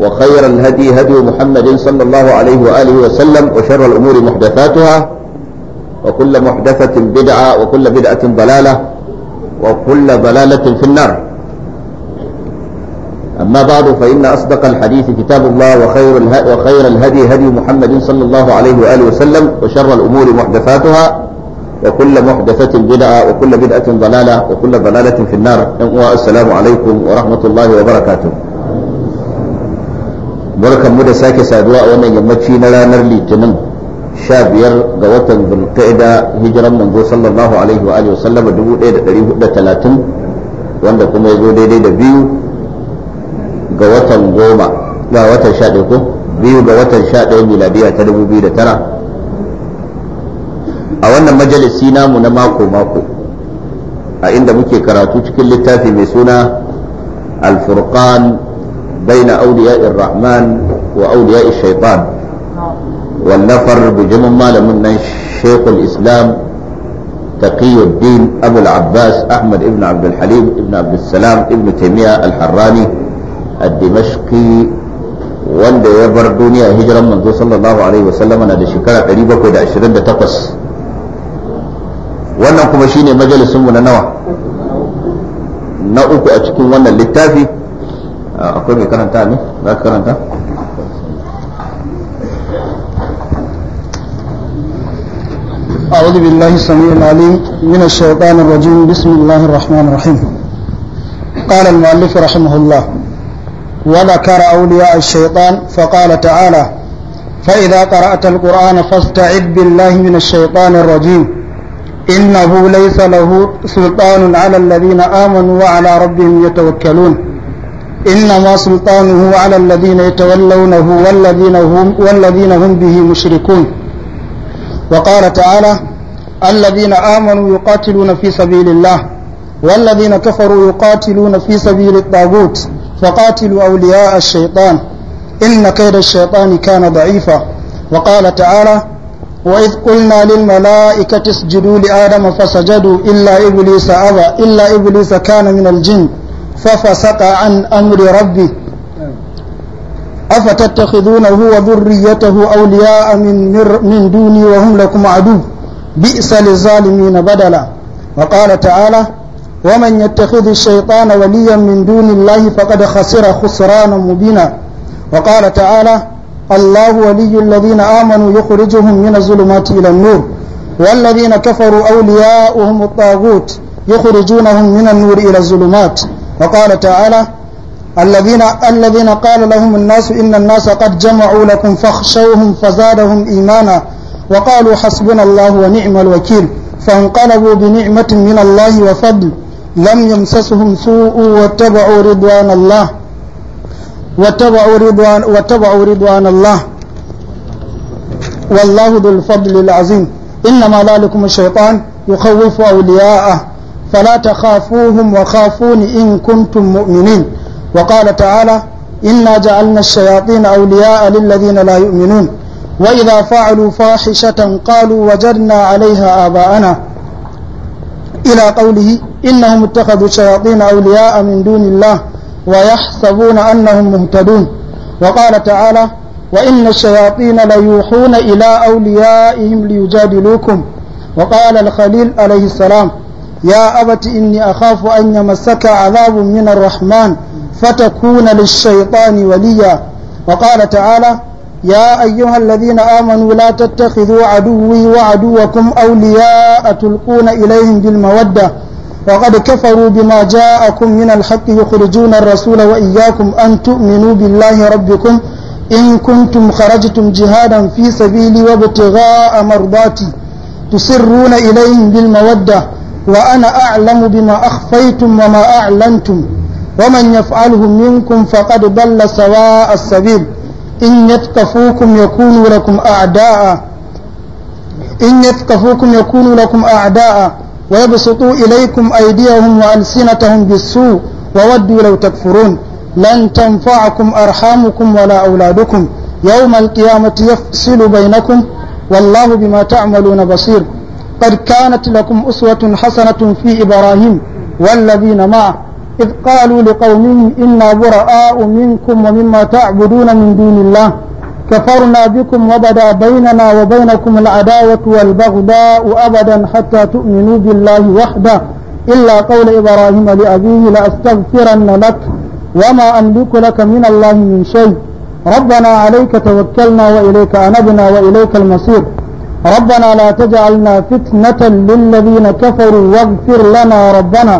وخير الهدي هدي محمد صلى الله عليه وآله وسلم وشر الأمور محدثاتها وكل محدثة بدعة وكل بدعة ضلالة وكل ضلالة في النار أما بعد فإن أصدق الحديث كتاب الله وخير وخير الهدي هدي محمد صلى الله عليه وآله وسلم وشر الأمور محدثاتها وكل محدثة بدعة وكل بدعة ضلالة وكل ضلالة في النار والسلام عليكم ورحمة الله وبركاته mu da sake saduwa a wannan yammaci na ranar litinin sha biyar ga watan zulqa'ida hijiran manzo sallallahu alaihi wa alihi wasallama dubu ɗaya da ɗari hudu talatin wanda kuma ya zo daidai da biyu ga watan goma ga watan sha ɗaya ko biyu ga watan sha ɗaya miladiya ta dubu biyu da tara a wannan majalisi namu na mako mako a inda muke karatu cikin littafi mai suna al-furqan بين أولياء الرحمن وأولياء الشيطان والنفر بجمع ما من شيخ الإسلام تقي الدين أبو العباس أحمد ابن عبد الحليم ابن عبد السلام ابن تيمية الحراني الدمشقي وند يبر دنيا هجرة منذ صلى الله عليه وسلم أنا لشكرة قريبة كده عشرين تقص وانا كمشيني مجلس من النوع نأوك أتكون وانا للتافي akwai mai karanta ne za ka karanta أعوذ بالله السميع العليم من الشيطان الرجيم بسم الله الرحمن الرحيم قال المؤلف رحمه الله وذكر أولياء الشيطان فقال تعالى فإذا قرأت القرآن فاستعذ بالله من الشيطان الرجيم إنه ليس له سلطان على الذين آمنوا وعلى ربهم يتوكلون إنما سلطانه على الذين يتولونه والذين هم, والذين هم به مشركون وقال تعالى الذين آمنوا يقاتلون في سبيل الله والذين كفروا يقاتلون في سبيل الطاغوت فقاتلوا أولياء الشيطان إن كيد الشيطان كان ضعيفا وقال تعالى وإذ قلنا للملائكة اسجدوا لآدم فسجدوا إلا إبليس أبى إلا إبليس كان من الجن ففسق عن أمر ربه أفتتخذونه وذريته أولياء من, من دوني وهم لكم عدو بئس للظالمين بدلا وقال تعالى ومن يتخذ الشيطان وليا من دون الله فقد خسر خسرانا مبينا وقال تعالى الله ولي الذين آمنوا يخرجهم من الظلمات إلى النور والذين كفروا أولياؤهم الطاغوت يخرجونهم من النور إلى الظلمات وقال تعالى الذين الذين قال لهم الناس إن الناس قد جمعوا لكم فاخشوهم فزادهم إيمانا وقالوا حسبنا الله ونعم الوكيل فانقلبوا بنعمة من الله وفضل لم يمسسهم سوء واتبعوا رضوان الله واتبعوا رضوان واتبعوا رضوان الله والله ذو الفضل العظيم إنما ذلكم الشيطان يخوف أولياءه فلا تخافوهم وخافون إن كنتم مؤمنين وقال تعالى إنا جعلنا الشياطين أولياء للذين لا يؤمنون وإذا فعلوا فاحشة قالوا وجدنا عليها آباءنا إلى قوله إنهم اتخذوا الشياطين أولياء من دون الله ويحسبون أنهم مهتدون وقال تعالى وإن الشياطين ليوحون إلى أوليائهم ليجادلوكم وقال الخليل عليه السلام يا أبت إني أخاف أن يمسك عذاب من الرحمن فتكون للشيطان وليا وقال تعالى يا أيها الذين آمنوا لا تتخذوا عدوي وعدوكم أولياء تلقون إليهم بالمودة وقد كفروا بما جاءكم من الحق يخرجون الرسول وإياكم أن تؤمنوا بالله ربكم إن كنتم خرجتم جهادا في سبيلي وابتغاء مرضاتي تسرون إليهم بالمودة وأنا أعلم بما أخفيتم وما أعلنتم ومن يفعله منكم فقد ضل سواء السبيل إن يثقفوكم يكونوا لكم أعداء إن يثقفوكم يكونوا لكم أعداء ويبسطوا إليكم أيديهم وألسنتهم بالسوء وودوا لو تكفرون لن تنفعكم أرحامكم ولا أولادكم يوم القيامة يفصل بينكم والله بما تعملون بصير قد كانت لكم أسوة حسنة في إبراهيم والذين معه إذ قالوا لقومهم إنا براء منكم ومما تعبدون من دون الله كفرنا بكم وبدا بيننا وبينكم العداوة والبغضاء أبدا حتى تؤمنوا بالله وحده إلا قول إبراهيم لأبيه لأستغفرن لك وما أملك لك من الله من شيء ربنا عليك توكلنا وإليك أنبنا وإليك المصير ربنا لا تجعلنا فتنة للذين كفروا واغفر لنا ربنا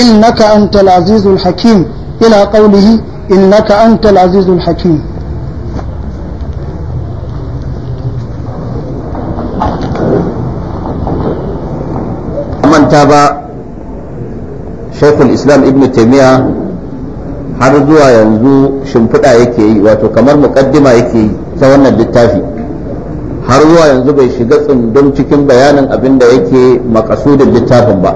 إنك أنت العزيز الحكيم إلى قوله إنك أنت العزيز الحكيم من تابع شيخ الإسلام ابن تيمية har zuwa yanzu shimfiɗa yake yi wato kamar muƙaddima yake yi har zuwa yanzu bai shiga tsundum cikin bayanin abin da yake makasudin littafin ba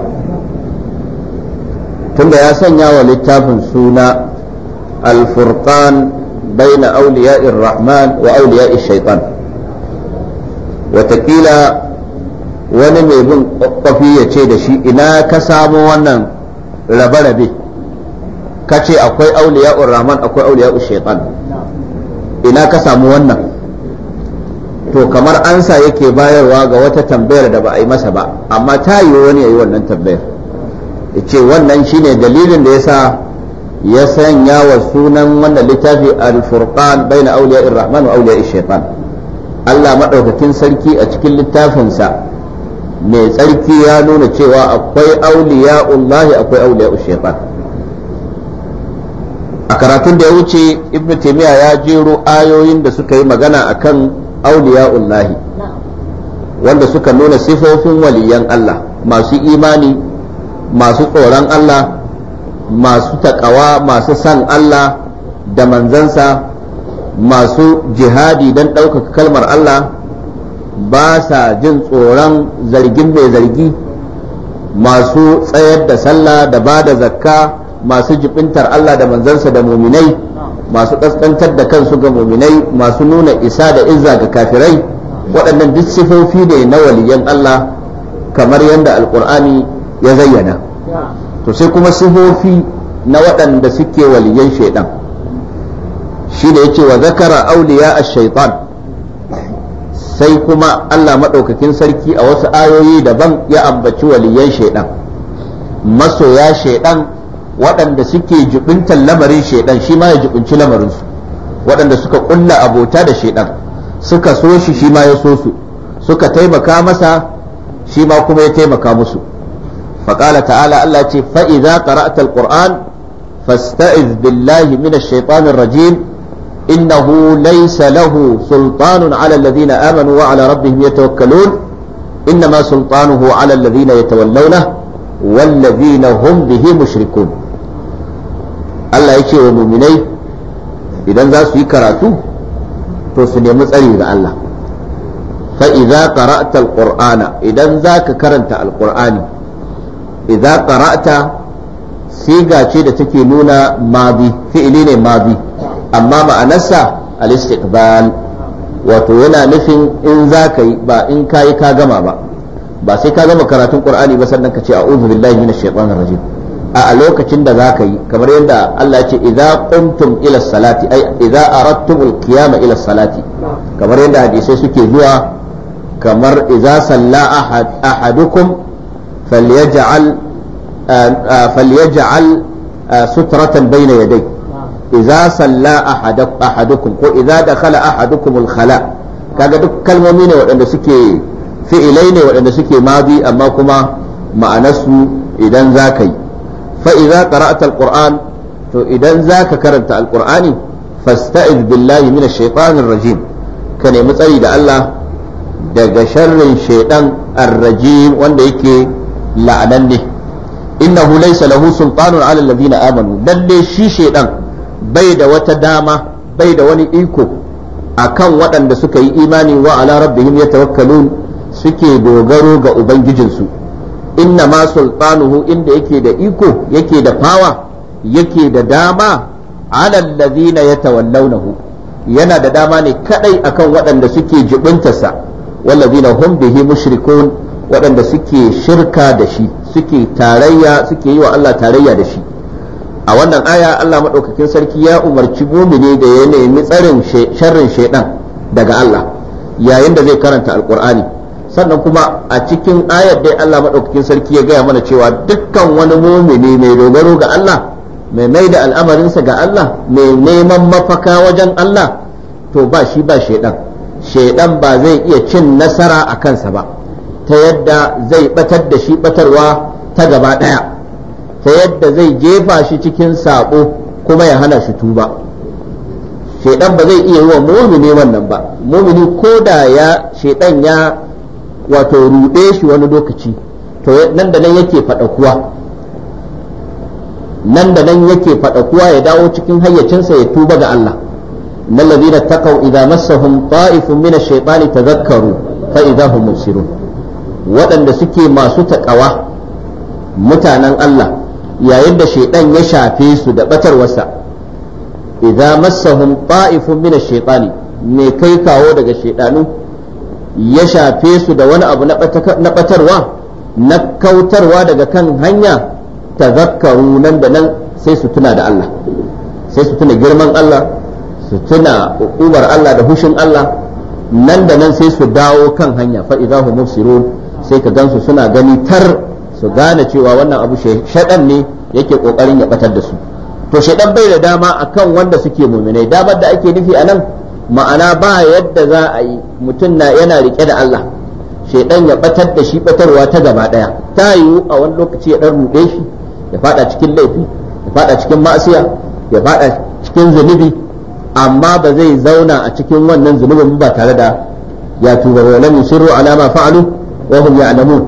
tunda ya sanya wa littafin suna alfurqan baina auliya'i rahman wa auliya'i shaitan watakila wani mai bin kwafi ya ce da shi ina ka samu wannan rabe-rabe ka ce akwai auliya'ur rahman akwai auliya'ur shaitan ina ka samu wannan to kamar ansa yake bayarwa ga wata tambayar da ba a yi masa ba amma ta yi wani ya yi wannan tambayar Ya ce wannan shine dalilin da ya sa ya sanya wa sunan wannan littafi al-furqan bayna awliya ar-rahman wa awliya Allah maɗaukakin sarki a cikin littafinsa mai tsarki ya nuna cewa akwai auliya Allah akwai auliya shaitan a karatun da ya wuce ibn taymiya ya jero ayoyin da suka yi magana akan auliya'ullahi wanda suka nuna sifofin waliyan Allah masu imani masu tsoron Allah masu taƙawa masu san Allah da manzansa masu jihadi don ɗaukaka kalmar Allah ba sa jin tsoron zargin mai zargi masu tsayar da sallah da ba da zakka masu jibintar Allah da manzansa da muminai masu ƙasƙantar da kansu ga muminai masu nuna isa da izza ga kafirai waɗannan duk sifofi ne na waliyan Allah kamar yadda Alƙur'ani ya zayyana to sai kuma sifofi na waɗanda suke waliyan shaidan shi da yace wa zakara auliya a shaitan sai kuma Allah maɗaukakin sarki a wasu ayoyi daban ya ambaci waliyan shaidan masoya shaidan waɗanda suke jibintar lamarin shaidan shi ma ya jibinci lamarinsu waɗanda suka ƙulla abota da shaidan suka so shi shi ma ya so su suka taimaka masa shi ma kuma ya taimaka musu faƙala ta'ala Allah ce fa'iza qara'ta alquran fasta'iz billahi minash shaitanir rajim innahu laysa lahu sultanun 'ala alladhina amanu wa 'ala rabbihim yatawakkalun innama سلطانه على الذين يتولونه والذين هم به مشركون Allah ya ce wa muminai idan za su yi karatu to su nemi tsari ga Allah fa idza qara'ta alqur'ana idan zaka karanta alqur'ani idza qara'ta siga ce da take nuna madi fi'ili ne madi amma ma'anarsa al-istiqbal wato yana nufin in za ka yi ba in ka yi ka gama ba ba sai ka gama karatun qur'ani ba sannan ka ce a'udhu billahi minash shaitanir rajim a lokacin da za ka yi kamar yadda Allah ya ce idza qumtum ila salati ay idza aradtum al-qiyama ila salati kamar yadda hadisai suke zuwa kamar idza salla ahadukum falyaj'al falyaj'al sutratan bayna yadayhi idza salla ahadukum ko idza dakhala ahadukum al-khala kaga duk kalmomi ne waɗanda suke fi'ilai ne waɗanda suke madi amma kuma ma'anarsu idan za ka yi Fa'iza idza qara'ta to idan za ka karanta alqur'ani fasta'iz billahi minash shaitanir rajim ka nemi tsari da Allah daga sharrin shaitan ar-rajim wanda yake la'ananne innahu laysa lahu sultanun 'ala alladhina amanu lalle shi shaitan bai da wata dama bai da wani iko akan waɗanda suka yi imani wa ala rabbihim yatawakkalun suke dogaro ga ubangijinsu inna ma sultanuhu inda yake da iko yake da fawa yake da dama ala allazina yatawallawnahu yana da dama ne kadai akan waɗanda suke jibintarsa wallazina hum bihi mushrikun waɗanda suke shirka da shi suke tarayya suke yi wa Allah tarayya da shi a wannan aya Allah madaukakin sarki ya umarci mumini da ya nemi tsarin sharrin shaidan daga Allah yayin da zai karanta alkur'ani sannan kuma a cikin ayar dai Allah maɗaukakin sarki ya gaya mana cewa dukkan wani mumini mai dogaro ga Allah mai mai da al'amarinsa ga Allah mai neman mafaka wajen Allah to ba shi ba shaidan shaidan ba zai iya cin nasara a kansa ba ta yadda zai batar da shi batarwa ta gaba ɗaya ta yadda zai jefa shi cikin saƙo kuma ya hana shi tuba shaidan ba zai iya yi wa mumini wannan ba mumini ko da ya shaidan ya wato ruɗe shi wani lokaci to nan da nan yake faɗakuwa nan da nan yake ya dawo cikin hayyacinsa ya tuba ga Allah nan ladina taqaw idza massahum ta'ifun min ash-shaytani tadhakkaru fa idza hum mubsirun waɗanda suke masu taƙawa mutanen Allah yayin da shaiɗan ya shafe su da batarwarsa idza massahum ta'ifun min ash-shaytani me kai kawo daga shaidanu ya shafe su da wani abu na batarwa na kautarwa daga kan hanya ta tazakkaru nan da nan sai su tuna da Allah sai su tuna girman Allah su tuna ubar Allah da hushin Allah nan da nan sai su dawo kan hanya fa idza sai ka gansu suna gani tar su gane cewa wannan abu shaɗan ne yake ƙoƙarin ya ɓatar da su to shaɗan bai da dama a kan wanda suke muminai damar da ake nufi a nan ma'ana ba yadda za a yi mutum na yana rike da Allah shaidan ya batar da shi batarwa ta gaba daya ta yiwu a wani lokaci ya dan rude shi ya fada cikin laifi ya fada cikin ma'asiya ya fada cikin zunubi amma ba zai zauna a cikin wannan zunubin ba tare da ya tuba wa lam yusiru ala ma fa'alu wa hum ya'lamun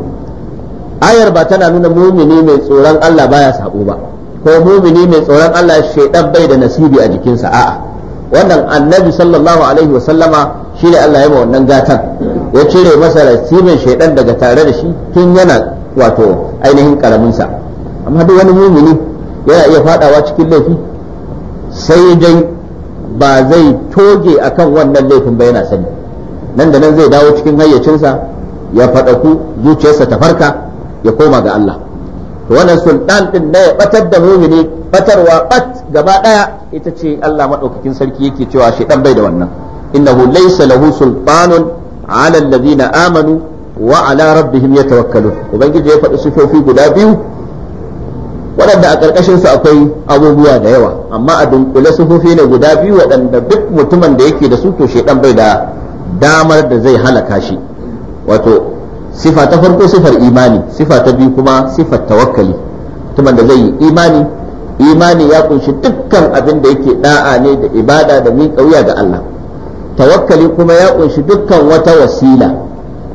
ayar ba tana nuna mumini mai tsoron Allah baya sabo ba ko mumini mai tsoron Allah shaidan bai da nasibi a jikinsa a'a wannan annabi sallallahu alaihi wa sallama ne Allah ya ba wannan gatan ya cire masa rasimin shaidan daga tare da shi tun yana wato ainihin karamin sa amma duk wani mumini yana iya fadawa cikin laifi sai dai ba zai toge akan wannan laifin ba yana sani nan da nan zai dawo cikin hayyacinsa ya faɗaku zuciyarsa ta farka ya koma ga Allah to wannan sultan din da ya batar da mumini fatarwa bat gaba daya ita ce Allah madaukakin sarki yake cewa shedan bai da wannan innahu laysa lahu sultanun ala alladhina amanu wa ala rabbihim yatawakkalun ubangiji ya faɗi sifofi guda biyu waɗanda a ƙarƙashin su akwai abubuwa da yawa amma a dunkule sifofi ne guda biyu waɗanda duk mutumin da yake da su to shedan bai da damar da zai halaka shi wato sifa ta farko sifar imani sifa ta biyu kuma sifar tawakkali mutumin da zai yi imani imani ya kunshi dukkan abin da yake da'a ne da ibada da min wuya ga Allah tawakkali kuma ya kunshi dukkan wata wasila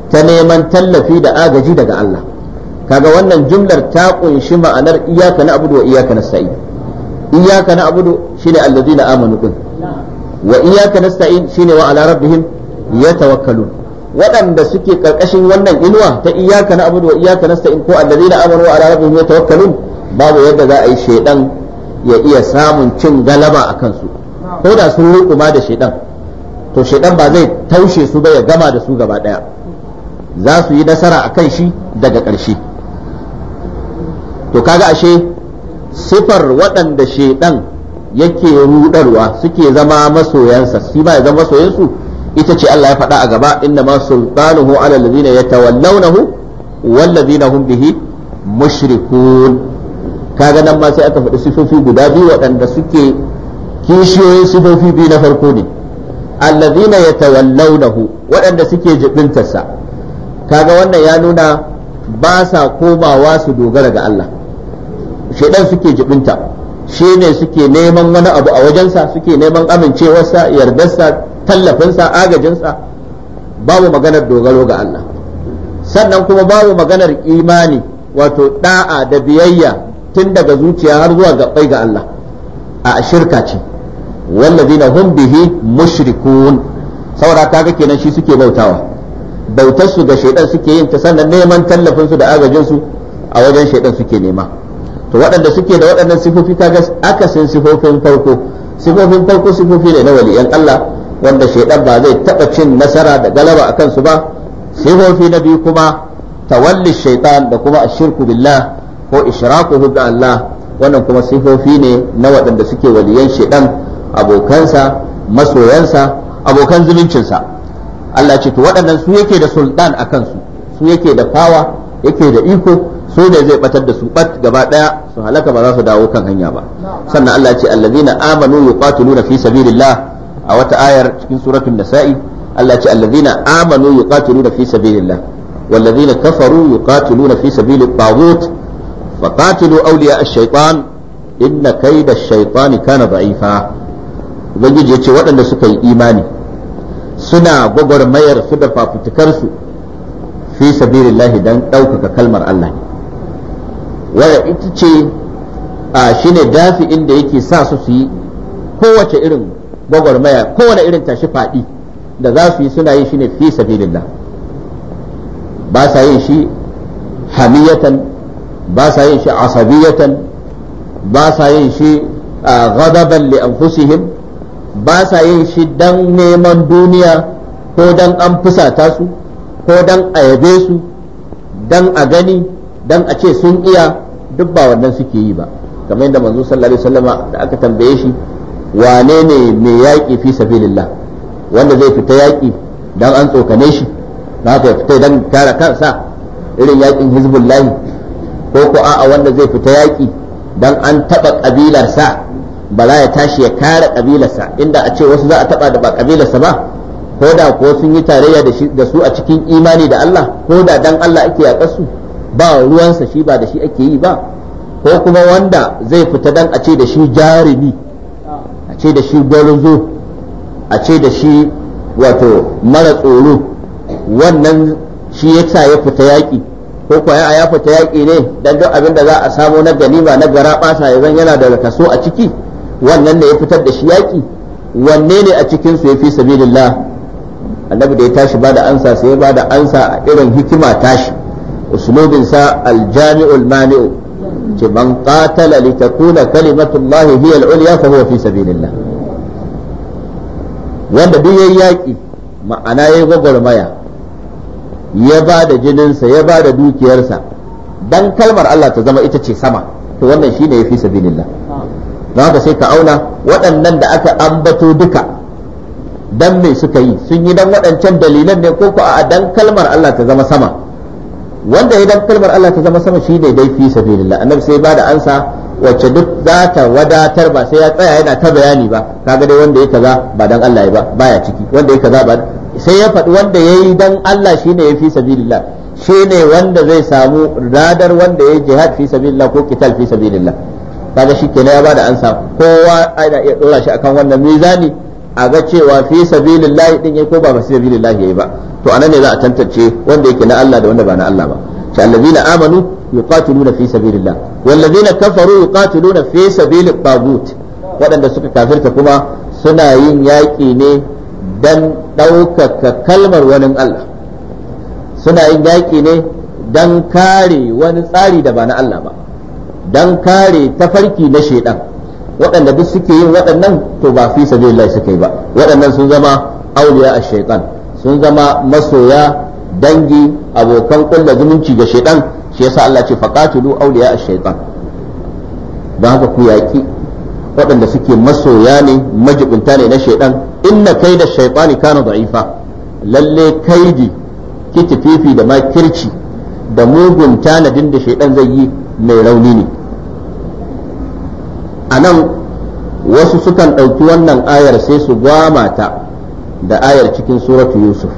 ta neman tallafi da agaji daga Allah kaga wannan jumlar ta kunshi ma'anar iyaka na abudu wa iyaka na sa'i iyaka na abudu shine allazina amanu din wa iyaka nasta'in shine wa ala rabbihim yatawakkalun waɗanda suke karkashin wannan inuwa ta iyaka na abudu wa iyaka nasta'in ko allazina amanu wa ala rabbihim yatawakkalun babu yadda za a yi shaidan ya iya samun cin galaba a kansu ko da sun rukuma da shaidan to shaidan ba zai taushe su ba ya gama da su gaba daya za su yi nasara a kan shi daga ƙarshe to kaga ashe sifar waɗanda shaidan yake rudarwa suke zama masoyansa shi ba ya zama masoyansu ita ce Allah ya faɗa a gaba inna ma sultanuhu ala allazina yatawallawnahu wallazina hum bihi mushrikun kaga nan ma sai aka faɗi sifofi guda biyu waɗanda suke kishiyoyin sifofi biyu na farko ne allazina yatawallawnahu waɗanda suke sa kaga wannan ya nuna ba sa komawa su dogara ga Allah shedan suke jibinta shi ne suke neman wani abu a wajensa suke neman amincewarsa yardarsa tallafinsa agajinsa babu maganar dogaro ga Allah sannan kuma babu maganar imani wato da'a da biyayya tun daga zuciya har zuwa gabbai ga Allah a shirka ce wallazina hum bihi mushrikun saboda kaga kenan shi suke bautawa bautar su ga shaidan suke yin ta sannan neman tallafin su da agajin su a wajen shaidan suke nema to waɗanda suke da waɗannan sifofi kaga san sifofin farko sifofin farko sifofi ne na waliyan Allah wanda shaidan ba zai taɓa cin nasara da galaba akan su ba sifofi na biyu kuma tawalli shaitan da kuma ashirku billah ko ishraquhu bi Allah wannan kuma sifofi ne na waɗanda suke waliyan shedan abokansa masoyansa abokan zumuncinsa Allah ce to waɗannan su yake da sultan a kansu su yake da fawa yake da iko su ne zai batar da su bat gaba daya su halaka ba za su dawo kan hanya ba sannan Allah ce allazina amanu yuqatiluna fi sabilillah a wata ayar cikin suratul nisa'i Allah ce allazina amanu yuqatiluna fi sabilillah والذين كفروا يقاتلون في سبيل الطاغوت فقاتلوا أولياء الشيطان إن كيد الشيطان كان ضعيفا ubangiji ya ce waɗanda suka yi imani suna gwagwarmayar su da fafutukarsu fi sabilillahi don ɗaukaka kalmar Allah waya ita ce a shi ne dafi'in da yake sa su su yi kowace irin gwagwarmaya kowane irin tashi faɗi da za su yi suna yi shi ne fi sabilillah ba sa yin shi hamiyatan ba sa yin shi asabiyatan ba sa yin shi ghadaban li anfusihim ba sa yin shi dan neman duniya ko dan an fusata su ko dan a yabe su dan a gani dan a ce sun iya duk ba wannan suke yi ba kamar yadda manzo sallallahu alaihi wasallama da aka tambaye shi wane ne mai yaƙi fi sabilillah wanda zai fita yaƙi dan an tsokane shi na ka fita dan kare kansa irin yaƙin hizbullahi ko ko a'a wanda zai fita yaƙi dan an taɓa ƙabilarsa bala ya tashi ya kare ƙabilarsa inda a ce wasu za a taɓa da ba ƙabilarsa ba ko da ko sun yi tarayya da su a cikin imani da Allah ko da dan Allah ake yaƙa su ba ruwansa shi ba da shi ake yi ba ko kuma wanda zai fita dan a ce da shi jarumi a ce da shi gwarzo a ce da shi wato mara tsoro wannan shi yasa ya fita yaƙi ko kuwa ya yafa ta yaƙi ne dan duk abin da za a samu na ganima na gara ɓasa ya zan yana daga kaso a ciki wannan ne ya fitar da shi yaƙi wanne ne a cikin su ya fi sabilillah annabi da ya tashi ba da ansa sai ba da ansa a irin hikima tashi uslubin sa aljami'ul mani'u ce man qatala litakuna kalimatullahi hiya al-ulya fa huwa fi sabilillah wanda duk yayi yaƙi ma'ana yayi gwagwarmaya ya ba da jininsa ya ba da dukiyarsa dan kalmar Allah ta zama ita ce sama to wannan shine ya fi sabilillah don haka sai ka auna waɗannan da aka ambato duka dan me suka yi sun yi dan waɗancan dalilan ne ko ko a dan kalmar Allah ta zama sama wanda ya dan kalmar Allah ta zama sama shine dai fi sabilillah annabi sai ba da ansa wacce duk za ta wadatar ba sai ya tsaya yana ta bayani ba kaga dai wanda ya kaza ba dan Allah ya ba baya ciki wanda ya kaza ba sai ya faɗi wanda ya yi don Allah shine ya fi sabilillah shine wanda zai samu radar wanda ya jihad fi sabilillah ko kital fi sabilillah kaga shi ke na ya bada ansa kowa ana iya ɗora shi akan wannan mizani a ga cewa fi sabilillah din ya ko ba fi sabilillah yi ba to anan ne za a tantance wanda yake na Allah da wanda ba na Allah ba sha allazina amanu yuqatiluna fi sabilillah wallazina kafaru yuqatiluna fi sabilit tagut waɗanda suka kafirta kuma suna yin yaƙi ne Dan ɗaukaka kalmar wani Allah suna yin yaƙi ne dan kare wani tsari da ba na Allah ba dan kare tafarki na shaidan waɗanda duk suke yin waɗannan to ba fi sabilillah suka suke ba waɗannan sun zama auliya a shaitan sun zama masoya dangi abokan ƙulla zumunci ga shaiɗan, shi yasa Allah ce faqatulu auliya a shaitan don haka ku yaƙi waɗanda suke masoya ne majibinta ne na shaidan inna kaida shaytani kana da'ifa lalle kaidi kitififi da ma kirci da mugun tanadin da shaidan zai yi mai rauni ne a nan wasu sukan ɗauki wannan ayar sai su gwamata da ayar cikin suratu yusuf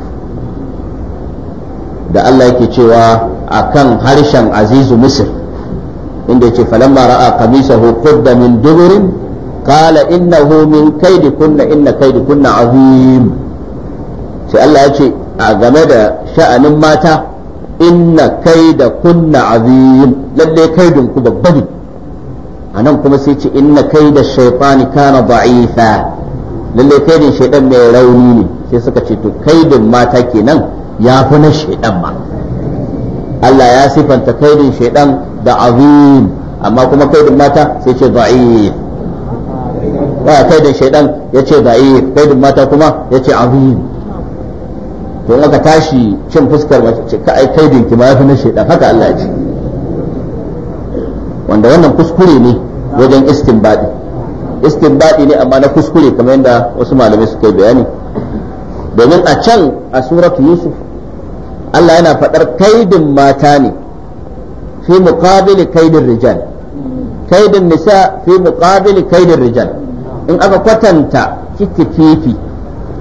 da allah yake cewa a kan harshen azizu misir inda yake falamma ra'a qamisahu qudda min duburin qala innahu min kaidikunna inna kaidikunna azim sai Allah ya a game da sha'anin mata inna kaidakunna azim lalle kaidin ku babba ne anan kuma sai ce inna kaida shaytani kana da'ifa lalle kaidin shaytan mai rauni ne sai suka ce kaidin mata kenan ya fi na ma Allah ya sifanta kaidin shaytan da azim amma kuma kaidin mata sai ce da'if a kaidin shaidan yace da'if eh, kaidin mata kuma yace azim to aka tashi cin fuskar mace ka ai kaidin ki ma yafi na shaidan haka Allah ya ce wanda wannan kuskure ne wajen istinbadi istinbadi ne amma na kuskure kamar yadda wasu malamai suka yi bayani domin a can a suratu yusuf Allah yana faɗar kaidin mata ne fi muqabili kaidin rijal kaidin nisa fi muqabili kaidin rijal in aka kwatanta fifi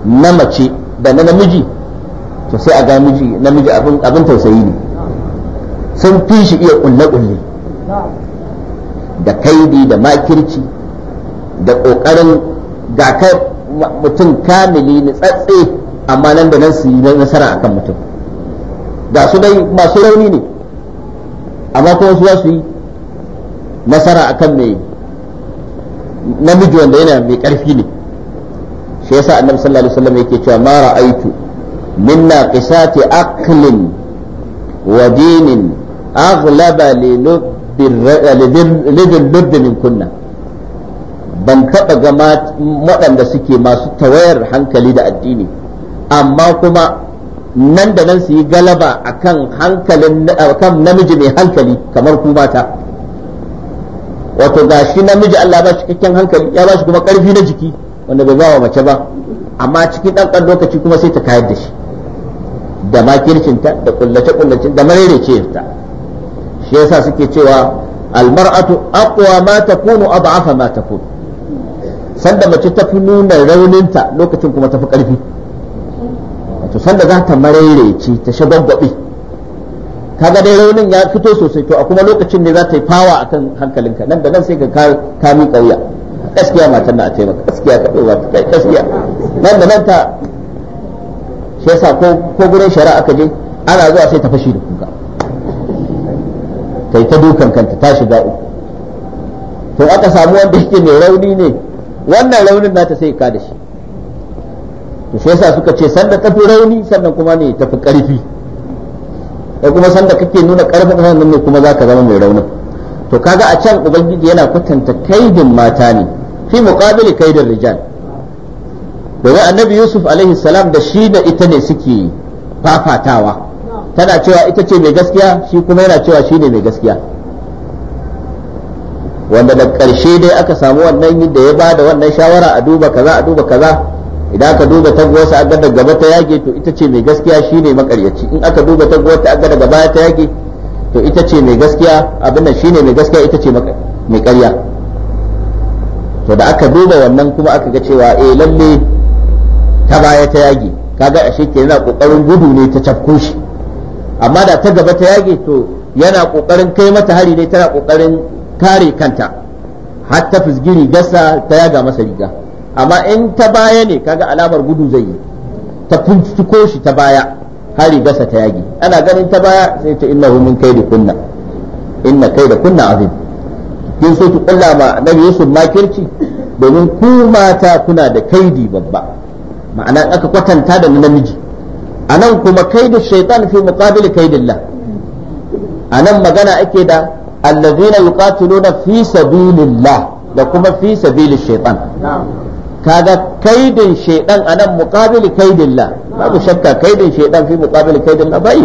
na mace da na namiji to sai a ga miji namiji abin tausayi ne sun fi shi iya kulle-kulle da kaidi da makirci da ƙoƙarin ga kai mutum kamili na tsatse amma nan da nan su yi nasara akan mutum ga su dai masu rauni ne amma kuma su yi nasara akan mai namiji wanda yana mai ƙarfi ne shi yasa annabi sallallahu alaihi wasallam yake cewa mara aitu. min naqisati aqlin wa dinin aghlaba lidin lubb min kunna ban taba ga waɗanda suke masu tawayar hankali da addini amma kuma nan da nan su yi galaba akan hankalin akan namiji mai hankali kamar ku mata wato gashi namiji Allah ba cikakken hankali ya ba shi kuma karfi na jiki wanda bai bawa mace ba amma cikin dan kan lokaci kuma sai ta kayar da shi da makircinta da kullace kullace da ta. shi yasa suke cewa almar'atu aqwa ma takunu ad'afa ma takunu sanda mace ta fi nuna rauninta lokacin kuma ta fi karfi wato sanda za ta ce ta shagwagwabe kaga dai raunin ya fito sosai to a kuma lokacin ne za ta yi fawa a kan hankalinka nan da nan sai ka ka mi kauya gaskiya matan na a taimaka gaskiya ka dora ta kai gaskiya nan da nan ta shi yasa ko ko gurin shari'a aka je ana zuwa sai ta fashi da kuka kai ta dukan kanta ta shiga uku to aka samu wanda yake mai rauni ne wannan raunin nata sai ka da shi to shi yasa suka ce sanda tafi rauni sannan kuma ne tafi ƙarfi ya kuma sanda kake nuna karfin wannan ne kuma zakazama zama mai raunin to kaga a can ubangiji yana kwatanta kaidin mata ne fi muqabili kaidin rijal domin annabi yusuf alaihi salam da shi da ita ne suke fafatawa tana cewa ita ce mai gaskiya shi kuma yana cewa shi ne mai gaskiya wanda da karshe dai aka samu wannan da ya ba da wannan shawara a duba kaza a duba kaza idan aka duba taguwar sa aga da gaba ta yage to ita ce mai gaskiya shine makaryaci in aka duba taguwar ta aga da gaba ta yage to ita ce mai gaskiya abin nan shine mai gaskiya ita ce mai ƙarya to da aka duba wannan kuma aka ga cewa eh lalle ta baya ta yage kaga ashe ke yana kokarin gudu ne ta cafko shi amma da ta gaba ta yage to yana kokarin kai mata hari ne tana kokarin kare kanta har ta fizgiri gasa ta yaga masa riga amma in ta baya ne kaga alamar gudu zai yi ta finciko shi ta baya har gasa ta yage ana ganin ta baya sai ta innahu min kaidi kunna inna da kunna azim kin so ki kulla ma nabi yusuf makirci domin ku mata kuna da kaidi babba ma'ana aka kwatanta da namiji anan kuma da shaitan fi muqabil kaidillah anan magana ake da allazina yuqatiluna fi sabilillah da kuma fi sabilish shaitan kaga kaidin shaidan anan mukabil kaidin la babu shakka kaidin shaidan fi mukabil kaidin la bai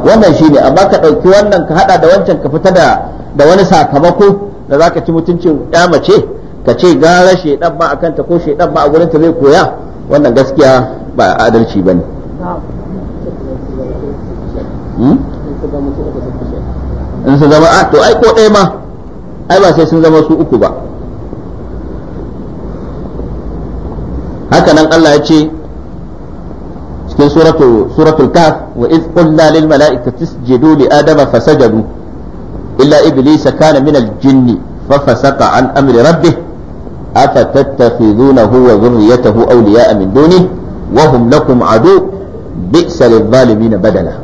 wannan shine amma ka dauki wannan ka hada da wancan ka fita da da wani sakamako da zaka ci mutuncin ya mace ka ce gara shaidan ba akan ta ko shaidan ba a gurin ta zai koya wannan gaskiya ba adalci bane hmm? in su zama a to ai ko ɗaya ma ai ba sai sun zama su uku ba hakanan Allah ya ce cikin suratu suratul kaf wa iz qulna li adama fasajadu illa iblis kana min jinni fa an amri rabbih afatattakhidunahu wa dhurriyyatahu awliya'a min duni lakum adu bi'sa badala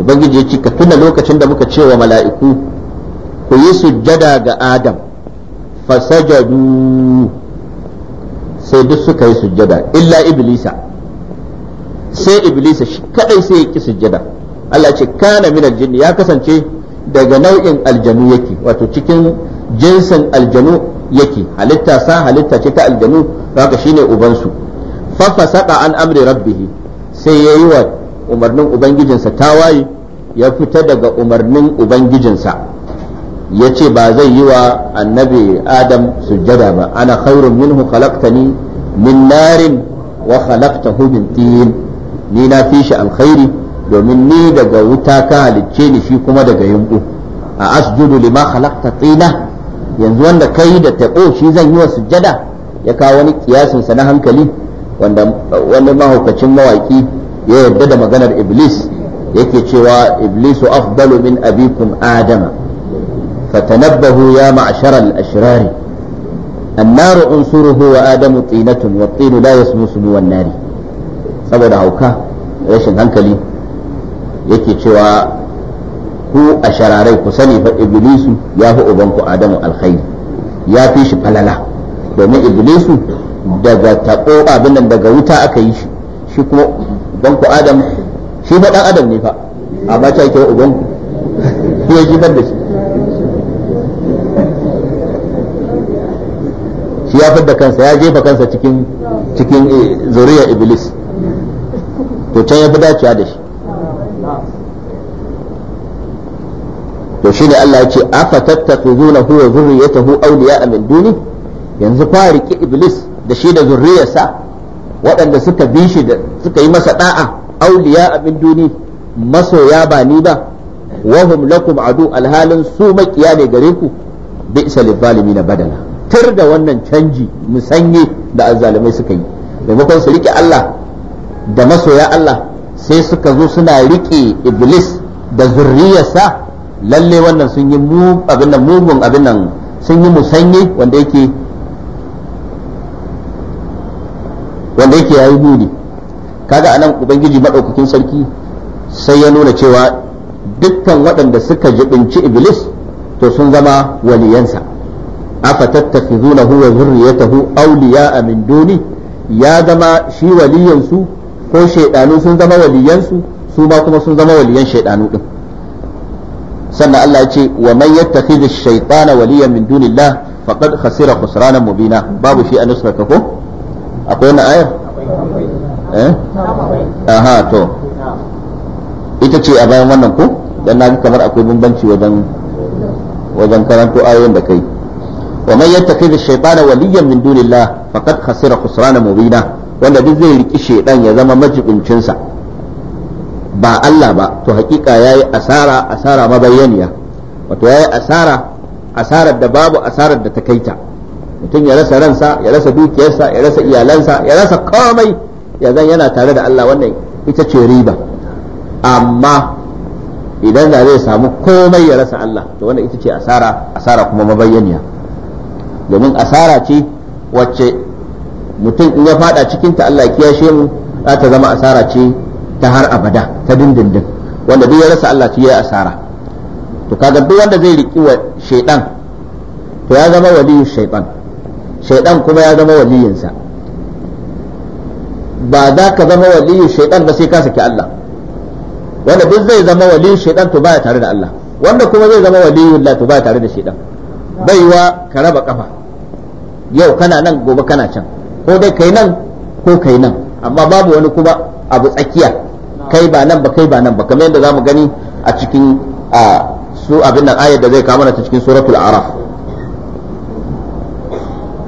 ubangiji ka lokacin da muka ce wa mala'iku sujjada ga adam fasajadu sai duk suka yi sujjada illa iblisa sai iblisa shi kadai sai ya ki sujjada Allah ce kana min aljin ya kasance daga nau'in aljanu yake wato cikin jinsin aljanu yake halitta sa halitta ce ta aljanu haka shine ubansu fa fasaqa an amri rabbih sai yayi wa umarnin ubangijinsa tawaye ya fita daga umarnin ubangijinsa ya ce ba zai yi wa annabi adam sujjada ba ana khairun minhu khalaqtani min narin wa khalaqtahu min tin ni na fi shi alkhairi domin ni daga wuta ka halicce ni shi kuma daga yumbu a asjudu lima khalaqta tina yanzu wanda kai da tabo shi zan yi wa sujjada ya kawo wani kiyasin sa na hankali wanda wani mahaukacin mawaki ya yarda da maganar iblis yake cewa iblisu afdalu min abikum adama fatanabbahu ya ma'ashar al-ashrari النار عنصره وآدم طينة والطين لا يسمو سمو النار saboda hauka rashin hankali yake cewa ku a shararai ku sani fa iblisu ya fi ubanku adamu alkhairi ya fi shi domin iblisu daga taɓo abin nan daga wuta aka yi shi kuma ubanku adam shi fa adam ne fa amma ta yake ubanku ku ya jifar da shi ya fidda kansa ya jefa kansa cikin cikin eh, zuriya iblis to can ya fi dacewa da shi to shi ne Allah ya ce afa tattakhuzuna huwa zurriyatahu awliya min duni yanzu fa riki iblis da shi da zurriyarsa waɗanda suka bi shi da suka yi masa da'a awliya min duni masoya ba ni ba wahum lakum adu alhalin su makiya ne gare ku bi'sa na badala fitar da wannan canji musanye da azzalumai suka yi maimakon su rike Allah da masoya Allah sai suka zo suna rike iblis da zurriyarsa lalle wannan sun yi abin nan mugun abin nan sun yi musanye wanda yake wanda yake yayi buri kaga anan ubangiji madaukakin sarki sai ya nuna cewa dukkan waɗanda suka jibinci iblis to sun zama waliyansa afatattakhizunahu wa zurriyatahu awliya'a min duni ya zama shi waliyan su ko shaydanu sun zama waliyan su su ba kuma sun zama waliyan shaydanu din sannan Allah ya ce wa man yattakhidhi ash-shaytana waliyan min dunillah faqad khasira khusranan mubina babu shi a nusrata ko akwai wannan ayar eh aha to ita ce a bayan wannan ko dan na kamar akwai bambanci wajen wajen karanto ayoyin da kai wa man yattakhidh ash-shaytana waliyan min dunillah faqad khasira khusrana mubina wanda duk zai riki shaytan ya zama majibincinsa ba Allah ba to hakika yayi asara asara mabayyaniya wato yayi asara asarar da babu asarar da ta mutum ya rasa ransa ya rasa dukiyarsa ya rasa iyalansa ya rasa komai ya zan yana tare da Allah wannan ita ce riba amma idan da zai samu komai ya rasa Allah to wannan ita ce asara asara kuma mabayyaniya domin asara ce wacce mutum in ya fada cikinta Allah ya kiyashe mu za ta zama asara ce ta har abada ta dindindin wanda duk ya rasa Allah ya asara to kaga duk wanda zai riki wa shaidan to ya zama waliyu shaidan shaidan kuma ya zama waliyinsa ba za ka zama waliyu shaidan ba sai ka saki Allah wanda duk zai zama waliyu shaidan to baya tare da Allah wanda kuma zai zama waliyun Allah to baya tare da shaidan baiwa ka raba kafa yau kana nan gobe kana can ko dai kai nan ko kai nan amma babu wani kuma abu tsakiya kai ba nan ba kai ba nan ba kamar yadda zamu gani a cikin a su abin nan ayar da zai kawo mana ta cikin suratul araf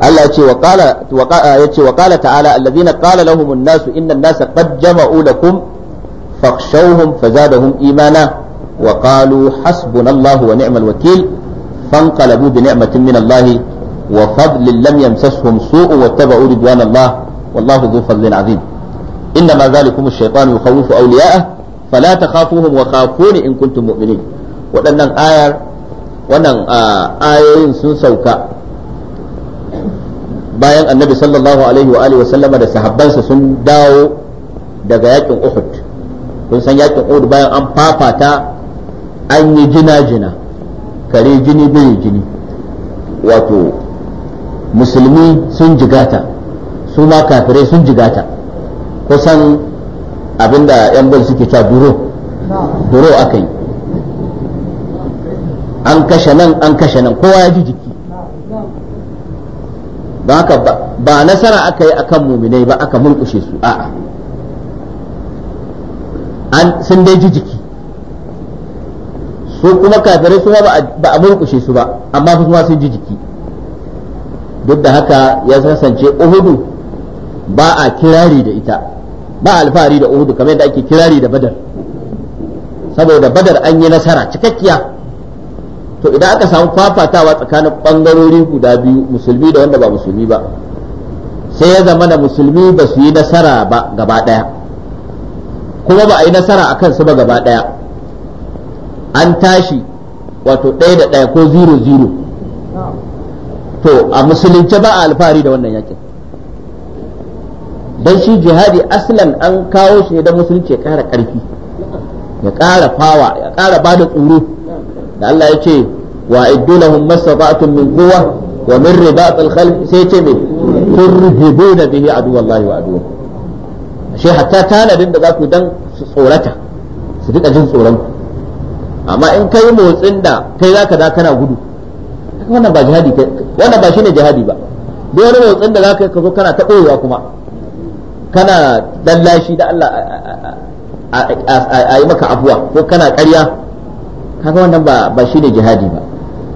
Allah ya ce wa qala ya ce wa qala ta'ala allazina qala lahumun nasu innan nasa qad jama'u lakum fakhshawhum fazadahum imana wa hasbunallahu wa ni'imal wakil fanqalabu bi ni'matin min Allah wa fadlin lam yamsashum su'u wattaba'u ridwan Allah wallahu dhu fadlin azim inna ma zalikum ash-shaytanu yukhawifu awliya'ah fala takhafuhum wa khafuni in kuntum mu'minin waɗannan ayar wannan ayoyin sun sauka bayan annabi sallallahu alaihi wa alihi da sahabbansa sun dawo daga yakin Uhud kun san yakin Uhud bayan an fafata an yi jina-jina kare jini bai jini wato musulmi sun jigata su ma kafirai sun jigata kusan abinda yan bai suke ta duro duro aka yi an kashe nan an kashe nan kowa ya ji jiki ba haka ba nasara aka yi akan muminai ba aka mulkushe su a'a an sun dai ji jiki su kuma kafirai su ba ba a murkushe su ba amma su kuma sun ji jiki duk da haka ya kasance uhudu ba a kirari da ita ba alfahari da uhudu kamar yadda ake kirari da badar saboda badar an yi nasara cikakkiya to idan aka samu fafatawa tsakanin bangarori guda biyu musulmi da wanda ba musulmi ba sai ya zama da musulmi ba su yi nasara ba gaba daya kuma ba a yi nasara a kansu ba gaba daya an tashi wato ɗaya da ɗaya ko zero zero to a musulunce ba a alfahari da wannan yakin don shi jihadi aslan an kawo shi ne don musulunci ya ƙara ƙarfi ya ƙara fawa ya ƙara ba da tsoro da Allah ya ce wa iddulahum mastata'tum min quwwa wa min ribat al-khalq sai ce me turhibuna bihi aduwallahi wa aduwwa shi hatta tanadin da za ku dan su tsorata su duka jin tsoron amma in ka yi motsin da kai za ka da kana gudu wannan ba jihadi wannan ba jihadi ba duk wani motsin da za ka zo kana ta kuma kana lallashi da Allah a yi maka afuwa ko kana ƙarya kaga wannan ba ba ne jihadi ba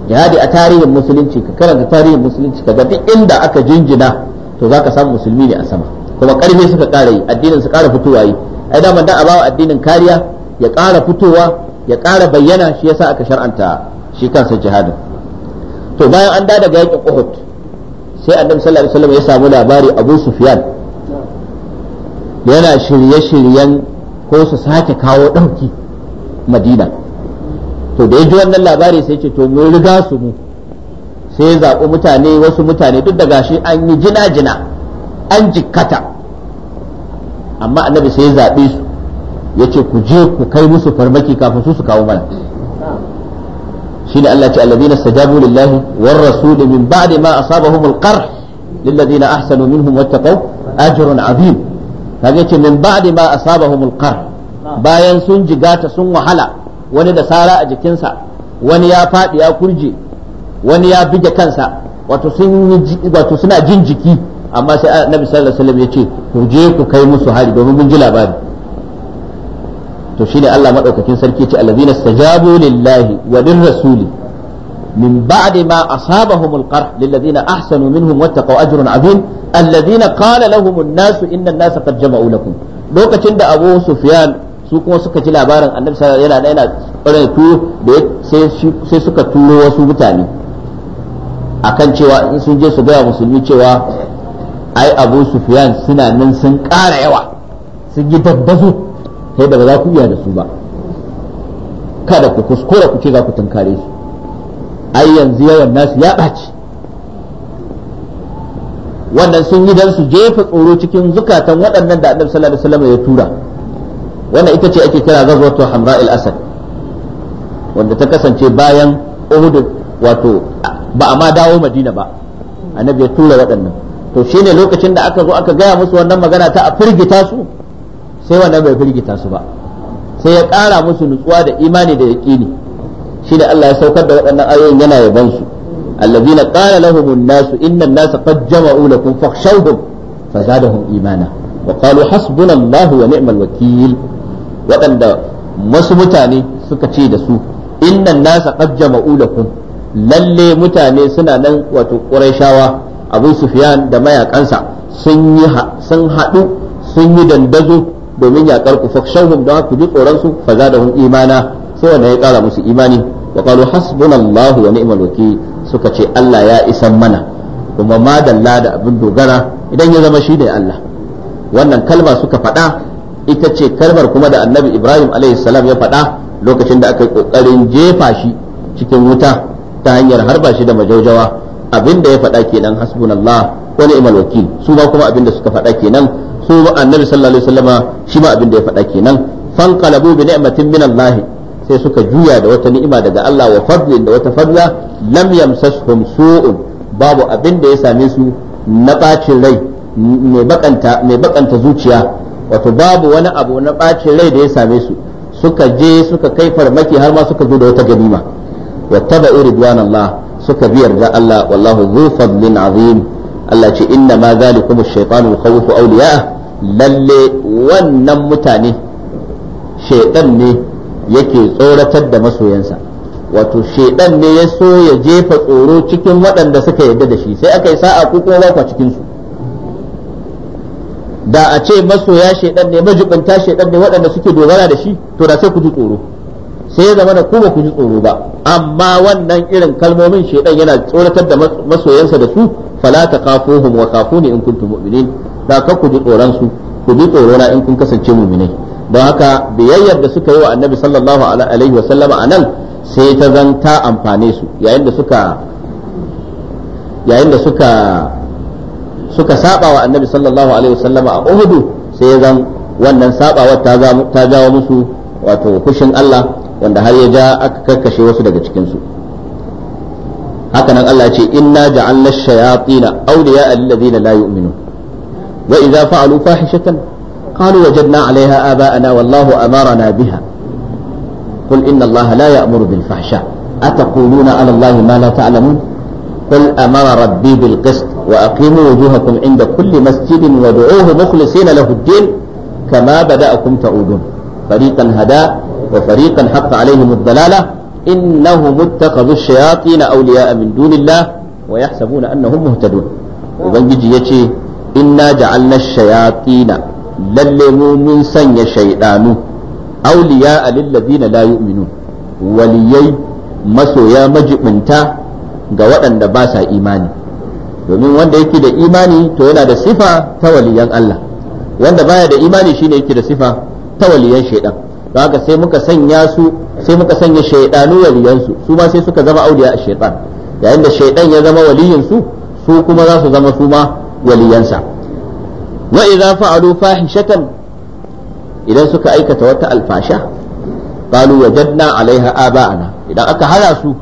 jihadi a tarihin musulunci ka da tarihin musulunci ka ga duk inda aka jinjina to zaka samu musulmi ne a sama kuma ƙarfi suka ƙara yi addinin su ƙara fitowa yi ai da da a bawa addinin kariya ya ƙara fitowa ya ƙara bayyana shi yasa aka shar'anta shi kansa jihadin to bayan an da daga yakin Uhud sai annabi sallallahu alaihi wasallam ya samu labari Abu Sufyan yana shirye-shiryen ko su sake kawo ɗauki Madina to da ya ji wannan labari sai ce to mun riga su mu sai ya zaɓi mutane wasu mutane duk da gashi an yi jina-jina an jikkata amma annabi sai ya zaɓe su yace ku je ku kai musu farmaki kafin su su kawo mana shine Allah ce alladhina stajabu lillahi war rasul min ba'di ma asabahum al-qarh lilladhina ahsanu minhum wattaqaw ajrun azim kaga ce min ba'di ma asabahum al bayan sun jigata sun wahala wani da sara a jikinsa wani ya fadi ya kurje wani ya bige kansa wato wato suna jin jiki amma sai annabi sallallahu alaihi wasallam yace ku je ku kai musu hari domin mun ji labari to shine Allah madaukakin sarki ce allazina stajabu lillahi wa rasuli min ba'di ma asabahum alqarh lillazina ahsanu minhum wattaqu ajrun azim allazina qala lahum nas inna an-nasa qad jama'u lakum lokacin da Abu Sufyan su kuma suka ji labarin Annabi sallallahu alaihi wasallam yana yana turo da sai suka turo wasu mutane akan cewa in sun je su gaya musulmi cewa ai Abu Sufyan suna nan sun ƙara yawa sun yi dabbazo sai da ba za ku iya da su ba kada ku kuskura ku ce za ku tunkare su ai yanzu yawan nasu ya ɓaci wannan sun yi dan su jefa tsoro cikin zukatan waɗannan da annabi sallallahu alaihi ya tura wannan ita ce ake kira ghazwatu hamra al asad wanda ta kasance bayan uhud wato ba a ma dawo madina ba annabi ya tura waɗannan to shine lokacin da aka zo aka gaya musu wannan magana ta a firgita su sai wannan bai firgita su ba sai ya ƙara musu nutsuwa da imani da yaƙini shi da Allah ya saukar da waɗannan ayoyin yana yaban su allazina qala lahum an-nas inna an-nas qad jama'u lakum fakhshawhum fazadahum imana wa qalu hasbunallahu wa ni'mal wakil waɗanda wasu mutane suka ce da su inna an-nas qad jama'u lakum lalle mutane suna nan wato Qurayshawa Abu Sufyan da mayakansa sun yi sun haɗu sun yi dandazo domin yakar ku fakshawhum don ku ji tsoron su fa imana sai wanda ya kara musu imani wa qalu hasbunallahu wa ni'mal wakil suka ce Allah ya isan mana kuma ma da abin dogara idan ya zama shi ne Allah wannan kalma suka faɗa ita ce kalmar kuma da annabi Ibrahim alayhi salam ya faɗa lokacin da aka yi kokarin jefa shi cikin wuta ta hanyar harba shi da majaujawa abin da ya faɗa kenan hasbunallah wa ni'mal wakil su ba kuma abin da suka faɗa kenan su annabi sallallahu alaihi wasallama shi ma abin da ya faɗa kenan fanqalabu bi ni'matin min Allah sai suka juya da wata ni'ima daga Allah wa fadlin da wata fadla lam yamsashum su'un babu abin da ya same su na bacin rai mai bakanta mai bakanta zuciya wato babu wani abu na bacin rai da ya same su suka je suka kai farmaki har ma suka zo da wata ganima wattaba'u ridwanallah suka biyar da Allah wallahu dhu fadlin azim Allah ce inna ma zalikum ash-shaytanu yukhawwifu awliya'ah lalle wannan mutane shaidan ne yake tsoratar da masoyansa wato shaidan ne ya so ya jefa tsoro cikin waɗanda suka yarda da shi sai aka yi sa'a ko kuma ba cikin da a ce masoya shaidan ne majibinta shaidan ne waɗanda suke dogara da shi to da sai ku ji tsoro sai ya zama da kuma ku ji tsoro ba amma wannan irin kalmomin shaidan yana tsoratar da masoyansa da su fala taqafuhum wa khafuni in kuntum mu'minin da ka ku ji tsoron su ku ji tsorona in kun kasance mu'minai don haka biyayyar da suka yi wa annabi sallallahu alaihi wa sallama anan sai ta zanta amfane su yayin da suka yayin da suka suka saba wa annabi sallallahu alaihi wa a Uhudu sai ya zan wannan sabawar ta jawo musu wato kushin Allah wanda har ya ja aka karkashe wasu daga cikinsu. su haka nan Allah ce inna ja'alna ash-shayatin awliya alladhina la yu'minun wa idza fa'alu fahishatan qalu wajadna 'alayha aba'ana wallahu amarna biha qul inna Allah la ya'muru bil fahsha ataquluna 'ala Allah ma la ta'lamun qul amara rabbi bil qist wa aqimu wujuhakum 'inda kulli masjidin wad'uuhu mukhlisina lahu ad-din kama bada'akum ta'udun fariqan hada wa fariqan haqqo 'alayhim ad-dalalah innahum ittakhadhu shayatin auliya min dunillah wa yahsabuna annahum muhtadun ubangiji yace inna ja'alna shayatin lalle mu mun sanya shaydanu awliya'a lil ladina la yu'minun waliyai masoya majibinta ga waɗanda basa imani domin wanda yake da imani to yana da sifa ta waliyan Allah wanda baya da imani shine yake da sifa ta waliyan shaidan don sai muka sanya su sai muka sanya shaidanu waliyansu su ma sai suka zama auliya a shaitan yayin da shaidan ya zama waliyinsu su kuma za su zama su ma waliyansa wa idza fa'alu fahishatan idan suka aikata wata alfasha qalu wajadna alaiha aba'ana idan aka hana su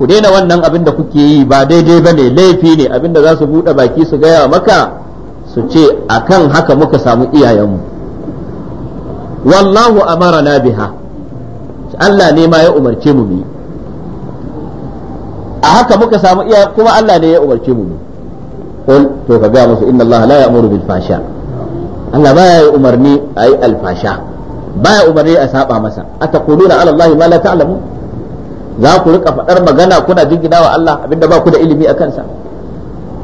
ku daina wannan abin da kuke yi ba daidai bane laifi ne abin da za su bude baki su gaya maka su ce akan haka muka samu iyayenmu wallahu amara biha Allah ne ma ya umarce mu mu a haka muka samu iya kuma Allah ne ya umarce mu mu qul to ka ga musu inna Allah la ya'muru bil fasha Allah baya umarni ayi al fasha baya umarni a saba masa ataquluna ala Allah ma la ta'lamu za ku rika faɗar magana kuna jingina wa Allah abinda ba ku da ilimi a kansa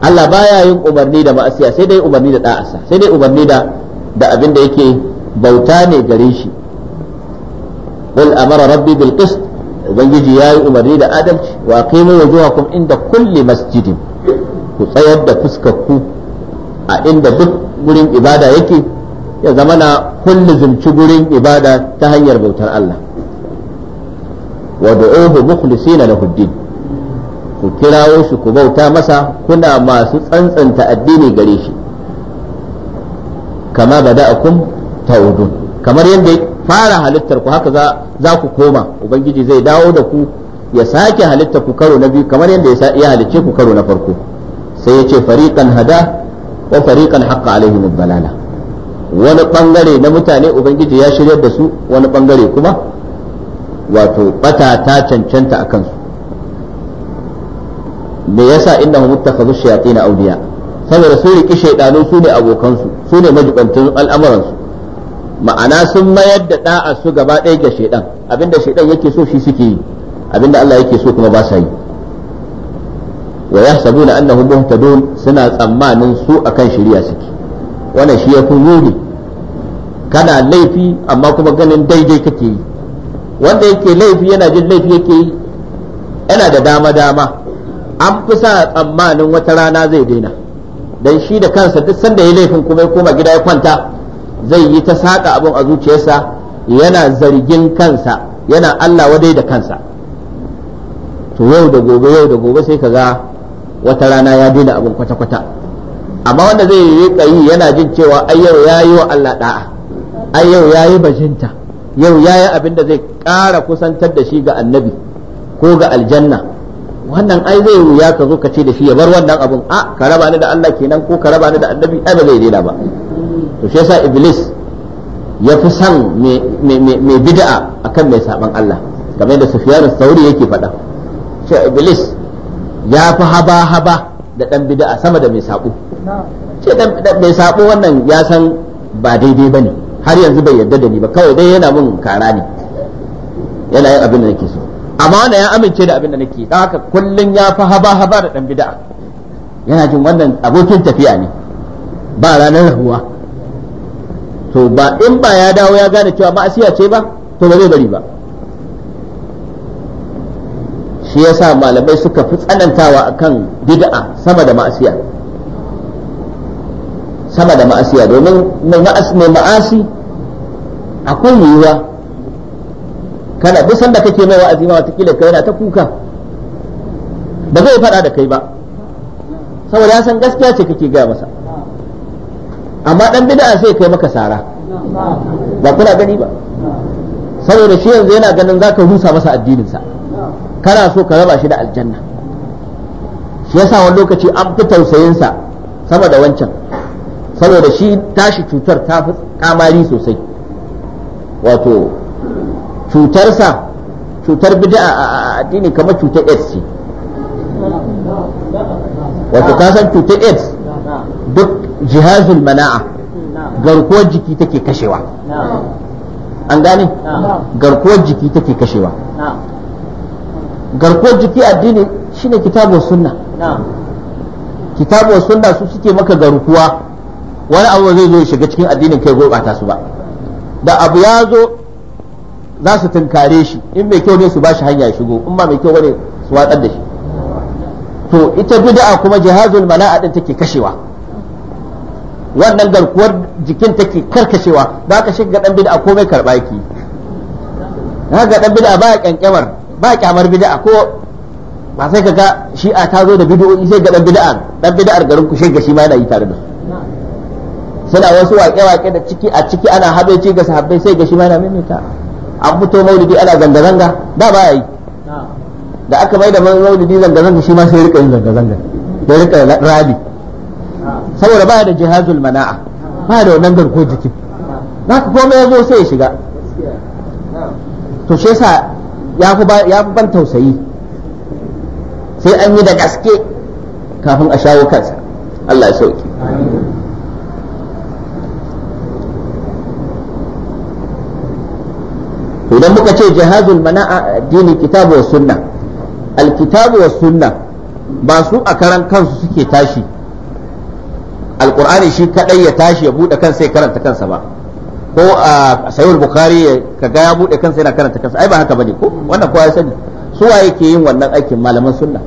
Allah baya yin umarni da ma'asiya sai dai umarni da da'asa sai dai umarni da da abin da yake bauta ne gare shi qul amara rabbi bil qist ubangiji yayi umarni da adalci wa qimu wujuhakum inda kulli masjidin ku tsayar da fuskarku a inda duk gurin ibada yake ya zama na kulle zumci gurin ibada ta hanyar bautar Allah wa du'uhu mukhlisina lahu din ku kirawo shi ku bauta masa kuna masu tsantsanta addini gare shi kama bada'akum ta'udun kamar yadda fara halittar ku haka za ku koma ubangiji zai dawo da ku ya sake halittar ku karo na biyu kamar yadda ya halicce ku karo na farko sai ya ce fariƙan hada wa fariqan haqqa alaihim balala wani ɓangare na mutane ubangiji ya shiryar da su wani ɓangare kuma wato bata ta cancanta a kansu me yasa innahu muttakhadhu shayatin awliya saboda su riki shaidanu su ne abokansu su ne majibantan al'amuransu ma'ana sun mayar da da'a su gaba ɗaya ga shaidan abinda shaidan yake so shi suke yi abinda Allah yake so kuma ba sa yi wa yahsabuna annahum muhtadun suna tsammanin su akan shari'a suke wannan shi ya kun yuri kana laifi amma kuma ganin daidai kake yi wanda yake laifi yana jin laifi yake yi yana da dama dama an fi sa tsammanin wata rana zai daina dan shi da kansa duk sanda ya laifin kuma ya koma gida ya kwanta zai yi ta saƙa abin a zuciyarsa yana zargin kansa yana Allah wadai da kansa to yau da gobe yau da gobe sai ka ga wata rana ya daina abin kwata-kwata amma wanda zai yi yi yana jin cewa ai yau ya yi wa Allah da'a ai yau ya yi bajinta yau ya yi abin da zai ƙara kusantar da shi ga annabi ko ga aljanna wannan ai zai wuya ka zo ka ce da shi ya bar wannan abin a ka raba ni da Allah kenan ko ka raba ni da annabi ai ba zai daina ba to shi yasa iblis ya fi san mai bid'a akan mai saban Allah game da sufiyar sauri yake faɗa shi iblis ya fi haba haba da ɗan bid'a sama da mai sabo shi mai sabo wannan ya san ba daidai ba ne, har yanzu bai yarda da ni ba kawai dai yana mun kara ne yana yin abin da nake so amma wannan ya amince da abin da nake don haka kullun ya fi haba haba da ɗan bid'a yana jin wannan abokin tafiya ne ba ranar rahuwa to ba in ba ya dawo ya gane cewa ma'asiya ce ba to ba zai bari ba shi yasa malamai suka fi tsanantawa akan bid'a sama da ma'asiya sama da ma'asiya domin mai ma'asi akwai yiwuwa kana duk sanda kake mai wa'azi ma watakila kai yana ta kuka ba zai faɗa da kai ba saboda ya san gaskiya ce kake gaya masa amma dan bid'a sai kai maka sara ba kuna gani ba saboda shi yanzu yana ganin zaka rusa masa addininsa kana so ka raba shi da aljanna shi yasa wani lokaci an fi tausayinsa sama da wancan saboda shi tashi cutar ta fi kamari sosai wato cutarsa cutar bid'a a addini kamar cutar aids ce wato ka san cutar aids duk jihazul mana'a garkuwar jiki take kashewa an gane garkuwar jiki take kashewa garkuwar jiki addini shine kitabu sunna kitabu sunna su suke maka garkuwa wani abu zai zo shiga cikin addinin kai gurɓata su ba da abu ya zo za su tunkare shi in mai kyau ne su ba shi hanya ya shigo in ba mai kyau bane su watsar da shi to ita bid'a kuma jihazul mana'a din take kashewa wannan garkuwar jikin take karkashewa da haka shi ga dan bid'a komai karɓa yake haka dan bid'a ba ƙyanƙyamar ba ƙyamar bid'a ko ba sai shi a ta zo da bid'o'i sai ga dan bid'a dan bid'ar garin ku shi ga shi ma yana yi tare da su suna wasu waƙe-waƙe da ciki a ciki ana habaici ga sahabbai sai ga shi ma yana maimaita an fito maulidi ana zanga-zanga da ba yi da aka mai da maulidi zanga-zanga shi ma sai rika yin zanga-zanga da rika rali saboda ba da jihazul mana'a ba da wannan garko jikin za ka kome ya zo sai ya shiga to shi yasa ya fi ban tausayi sai an yi da gaske kafin a shawo kansa Allah ya sauki idan muka ce jihazul mana'a dini kitabu wa sunna alkitabu wa sunna ba su a karan kansu suke tashi alkur'ani shi kadai ya tashi ya bude kansa ya karanta kansa ba ko a bukhari kaga ya bude kansa yana karanta kansa ai ba haka bane ko wannan kowa ya sani su waye ke yin wannan aikin malaman sunna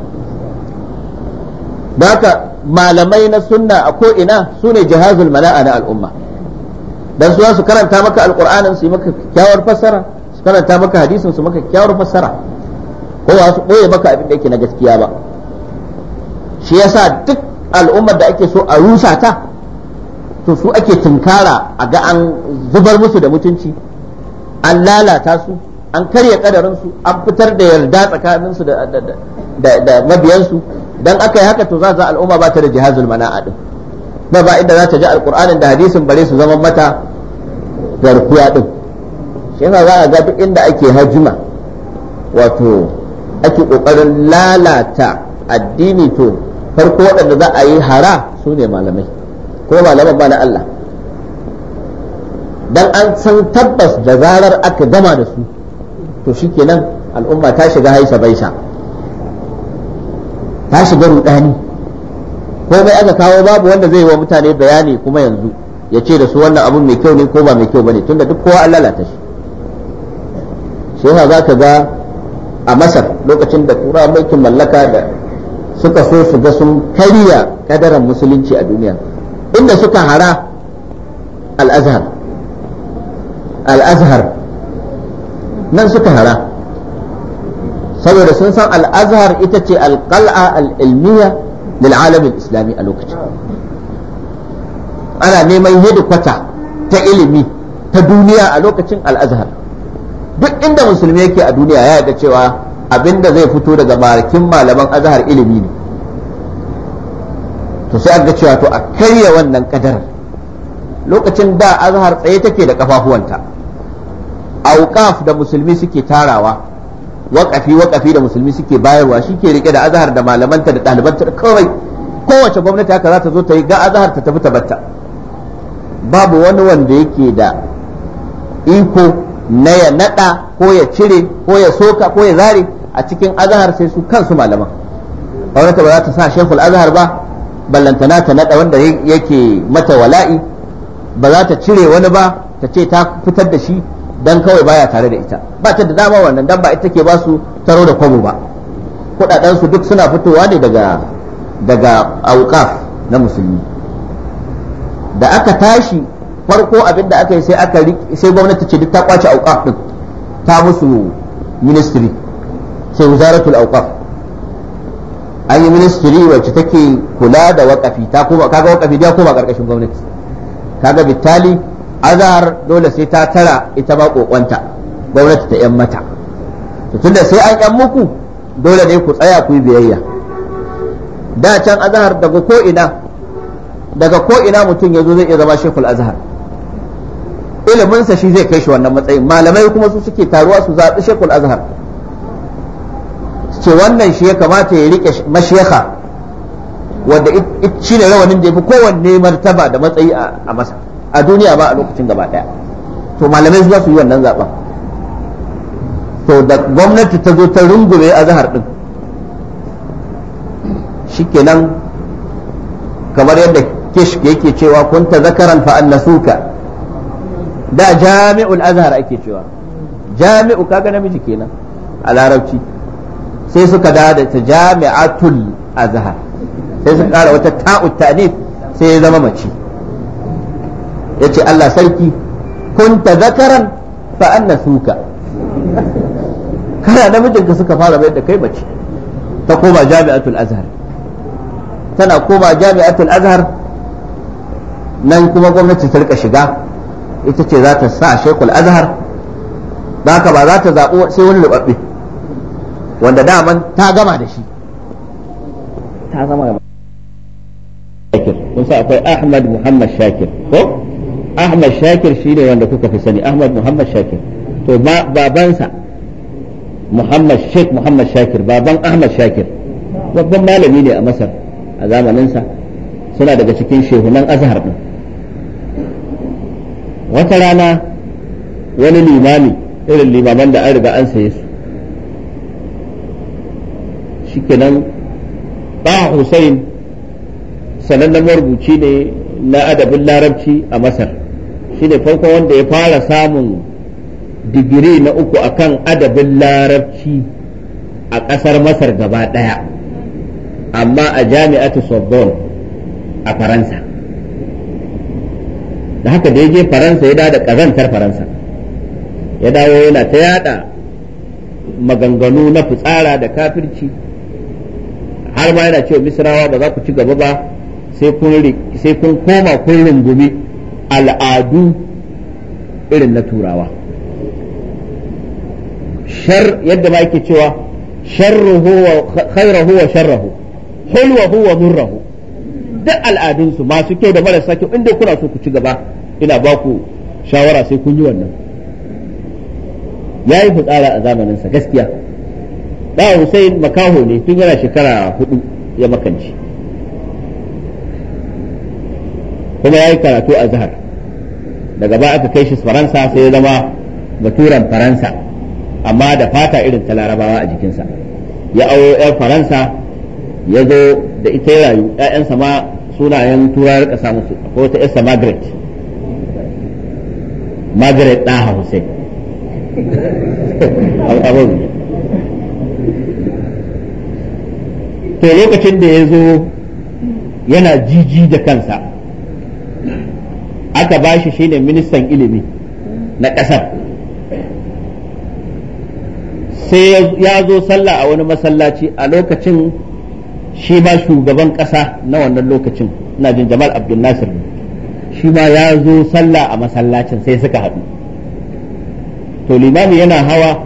haka malamai na sunna a ko ina sune jihazul mala'a na al'umma dan su su karanta maka alqur'anin su yi maka kyakkyawar fassara su karanta maka hadisin su maka kyakkyawar fassara ko ba su boye maka abin da yake na gaskiya ba shi yasa duk al'ummar da ake so a rusa ta to su ake tunkara a ga an zubar musu da mutunci an lalata su an karya kadarinsu an fitar da yarda tsakaninsu da mabiyansu dan aka haka to za za al'umma ba ta da jihazul mana'a din ba ba inda za ta ji alkur'anin da hadisin bare su zama mata garkuwa din shi yasa za a ga duk inda ake hajima wato ake kokarin lalata addini to farko waɗanda za a yi hara su ne malamai ko malaman ba na Allah dan an san tabbas da zarar aka gama da su to shikenan al'umma ta shiga haisa baisa ta shiga rudani komai aka kawo babu wanda zai yi wa mutane bayani kuma yanzu ya ce da su wannan abun mai kyau ne ko ba mai kyau ba ne, tunda duk kowa an lalata shi sai za ka ga a masar lokacin da kura mulkin mallaka da suka so su ga sun karya kadaran musulunci a duniya inda suka hara al-azhar al-azhar nan suka hara saboda sun san al-azhar ita ce al-qal'a al-ilmiya lil islami a lokacin ana neman kwata ta ilimi ta duniya a lokacin al-azhar duk inda musulmi yake a duniya ya yarda cewa Abin da zai fito daga barakin malaman azhar ilimi ne to sai aka cewa to a karya wannan kadar lokacin da azhar tsaye take da kafafuwanta auqaf da musulmi suke tarawa waƙafi waƙafi da musulmi suke bayarwa shi ke rike da azhar da malamanta da ɗalibanta da kawai kowace gwamnati haka za ta zo ta yi ga azhar ta tafi tabatta babu wani wanda yake da iko na ya naɗa ko ya cire ko ya soka ko ya zare a cikin azahar sai su kansu malaman gwamnati ba za ta sa shekul azahar ba ballantana ta nada wanda yake mata wala'i ba za ta cire wani ba ta ce ta fitar da shi dan kawai baya tare da ita ba ta da dama wannan dan ba ita ke ba su taro da kwabo ba kudaden su duk suna fitowa ne daga daga auqaf na musulmi da aka tashi farko abin da aka yi sai aka sai gwamnati ce duk ta kwace auqaf din ta musu ministry sai wuzaratul awqaf an yi ministry wacce take kula da wakafi ta kuma kaga wakafi da kuma karkashin gwamnati kaga bitali azhar dole sai ta tara ita ba kokonta gwamnati ta yan mata to tunda sai an yan muku dole ne ku tsaya ku yi biyayya da can azhar daga ko ina daga ko ina mutum yazo zai iya zama shekul azhar iliminsa shi zai kai shi wannan matsayin malamai kuma su suke taruwa su zaɓi shekul azhar ce wannan shi ya kamata ya rike mashayikha wanda shi ne rawanin da ya fi kowanne martaba da matsayi a masa a duniya ba a lokacin gaba daya to malamai za su yi wannan zaben to da gwamnati ta zo ta rungume a zahar din shikenan kamar yadda kish yake cewa kun ta zakaran fa annasuka da jami'ul azhar ake cewa jami'u kaga namiji kenan a larabci sai suka dada ta jami'atul azhar sai suka kara wata ta'ut ta'nif sai ya zama mace yace Allah sarki kunta zakaran fa anna suka kana namijinka suka fara bayar da kai mace ta koma jami'atul azhar tana koma jami'atul azhar nan kuma gwamnati ta rika shiga ita ce za ta sa shekul azhar ba ka ba za ta zaɓi sai wani rubabbe wanda daman ta gama da shi ta zama gaba Shakir kun sa akwai Ahmad Muhammad Shakir ko Ahmad Shakir shine wanda kuka fi sani Ahmad Muhammad Shakir to babansa Muhammad Sheikh Muhammad Shakir baban Ahmad Shakir babban malami ne a Masar a zamaninsa suna daga cikin shehunan Azhar din wata rana wani limami irin limaman da an riga an saye su shikenan ba Hussein sanannen marubuci ne na adabin larabci a Masar shi ne farko wanda ya fara samun digiri na uku akan adabin larabci a ƙasar Masar gaba ɗaya amma a jami'atu Sorbonne a Faransa da haka da ya je Faransa ya da ƙazantar Faransa ya dawo yana ta yada maganganu na fitsara da kafirci har ma yana cewa misrawa ba za ku ci gaba ba sai kun koma kun rungumi al'adu irin na turawa shar yadda ba yake cewa sharruhu wa khairahu wa sharrahu hulwahu wa murrahu duk al'adunsu masu kyau da marasa kyau inda kuna so ku ci gaba ina ba ku shawara sai kun yi wannan ya yi fitsara a zamaninsa gaskiya da Hussein makaho ne tun yana shekara hudu ya makanci kuma ya yi karatu a zahar daga ba aka kai shi faransa sai ya zama baturan faransa amma da fata irin ta larabawa a jikinsa ya auyo 'yan faransa ya zo da ita ya rayu 'ya'yansa ma sunayen turar ƙasa musu ko ta isa margaret margaret ɗaha hussein to lokacin da ya zo yana jiji da kansa aka ba shi shine ministan ilimi na ƙasar sai ya zo sallah a wani masallaci a lokacin shi ma shugaban ƙasa na wannan lokacin na jin jamal abdul nasir shi ma ya zo sallah a masallacin sai suka haɗu to limami yana hawa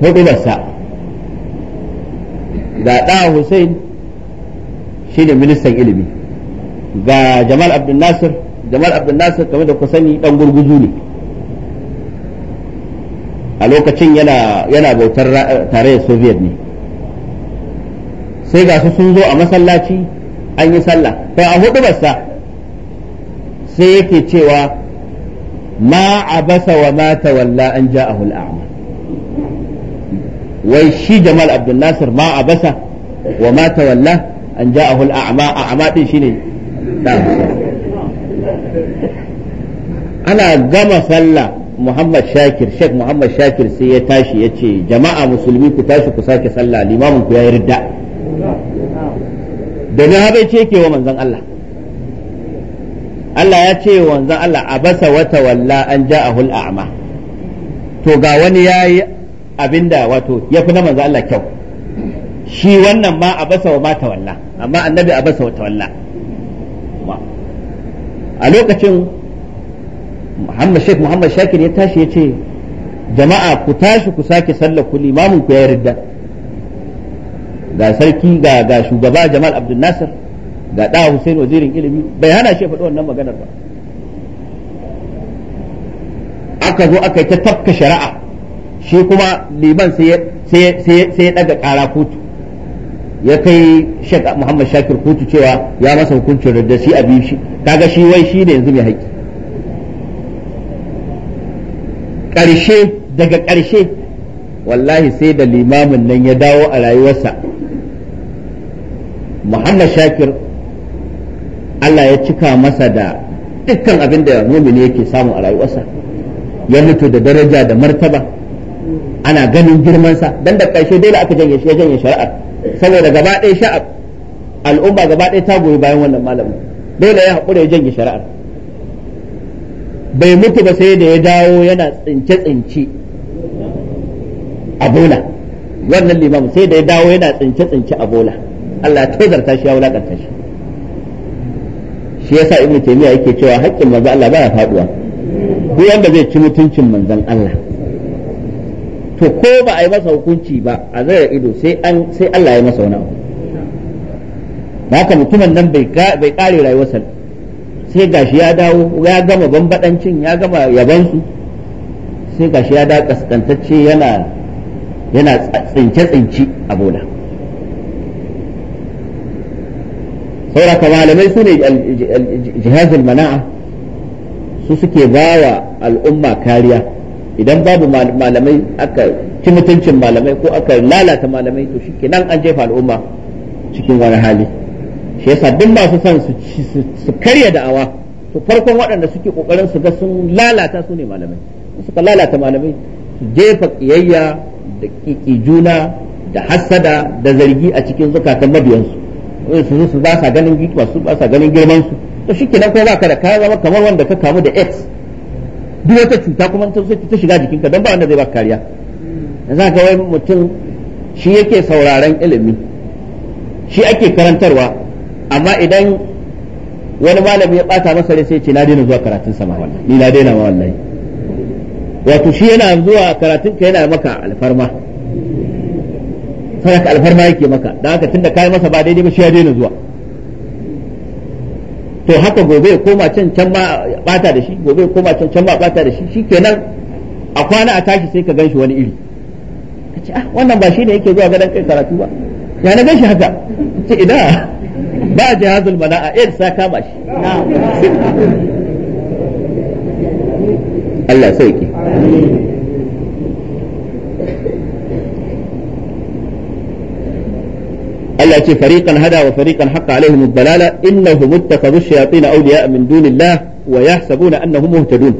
hudubarsa ga ɗa Hussein shi ne ministan ilimi ga Jamal Abdul Nasir Jamal Abdul Nasir kamar da ku sani ɗan gurguzu ne a lokacin yana yana bautar da Soviet ne sai ga su sun zo a masallaci an yi sallah to a hudu basa sai yake cewa ma abasa wa mata walla an ja'ahu al wai shi Jamal Abdul Nasir ma a basa wa ma walla an ja'ahu al-a'ma a'ma din shine dan ana gama sallah Muhammad Shakir Sheikh Muhammad Shakir sai ya tashi ya ce jama'a musulmi ku tashi ku sake sallah limamin ku ya ridda da na haɓe ce ke wa manzon Allah Allah ya ce wa manzon Allah basa wata walla an ja'ahu al-a'ma to ga wani yayi abinda wato ya fi na manzo Allah kyau shi wannan ma a basa wa mata walla amma annabi a basa wa tawalla a lokacin Muhammad Sheikh Muhammad Shakir ya tashi ya ce jama'a ku tashi ku sake sallar ku limamin ku ya ridda ga sarki ga ga shugaba Jamal Abdul Nasir ga da Hussein wazirin ilimi bai hana shi faɗi wannan maganar ba aka zo aka yi ta tafka shari'a shi kuma liman sai ya daga kara kotu ya kai shek muhammad shakir kotu cewa ya masa hukuncin da shi a biyu shi kaga shi wai shi ne yanzu mai haƙƙi ƙarshe daga ƙarshe wallahi sai da limamin nan ya dawo a rayuwarsa muhammad shakir allah ya cika masa da dukkan abin da mumini yake samu a rayuwarsa ya mutu da daraja da martaba ana ganin girmansa dan da ƙarshe dole aka janye shi ya janye shari'ar saboda gaba ɗaya sha'ab al'umma gaba ɗaya ta goyi bayan wannan malamin dole ya haƙura ya janye shari'ar bai mutu ba sai da ya dawo yana tsince-tsince a bola wannan limam sai da ya dawo yana tsince-tsince a bola Allah ya tozarta shi ya wulakanta shi shi yasa ibnu taymiya yake cewa haƙƙin manzo Allah baya faduwa duk wanda zai ci mutuncin manzon Allah to ko ba a yi masa hukunci ba a zai ido sai an sai Allah ya masa wani abu ka mutumin nan bai bai kare rayuwarsa sai gashi ya dawo ya gama bambadancin ya gama yabansu sai gashi ya da kaskantacce yana yana tsince tsinci a bola sauraka malamai su ne jihazul mana'a su suke bawa al'umma kariya idan babu malamai aka ci mutuncin malamai ko aka lalata malamai to nan an jefa al'umma cikin wani hali shi yasa duk masu son su karya da'awa to farkon waɗanda suke kokarin su ga sun lalata su ne malamai suka lalata malamai su jefa kiyayya da kiki juna da hassada da zargi a cikin zukatan mabiyansu su zo su ba sa ganin gitwa su ba sa ganin girman su to nan ko baka da kaya zama kamar wanda ka kamu da x duk wata cuta kuma ta shiga jikinka don ba wanda zai baka kariya za ka wai mutum shi yake sauraron ilimi shi ake karantarwa amma idan wani malami ya bata masa rai sai ce na daina zuwa karatun sama wallahi ni na daina ma wallahi wato shi yana zuwa karatun ka yana maka alfarma sai ka alfarma yake maka dan haka tunda kai masa ba daidai ba shi ya daina zuwa to haka gobe ya koma can can ma bata da shi gobe ya koma can can ma bata da shi shikenan a kwana a tashi sai ka ganshi wani iri kace ah wannan ba shi ne yake zuwa gadon kai karatu ba ya na ganshi haka ce ida ba jihazul mala'a eh sa kama shi Allah sauki amin Allah ce fariqan hada wa fariqan haqqa alaihim ad na innahum ittakhadhu ash-shayatin awliya'a min dunillah wa yahsabuna annahum muhtadun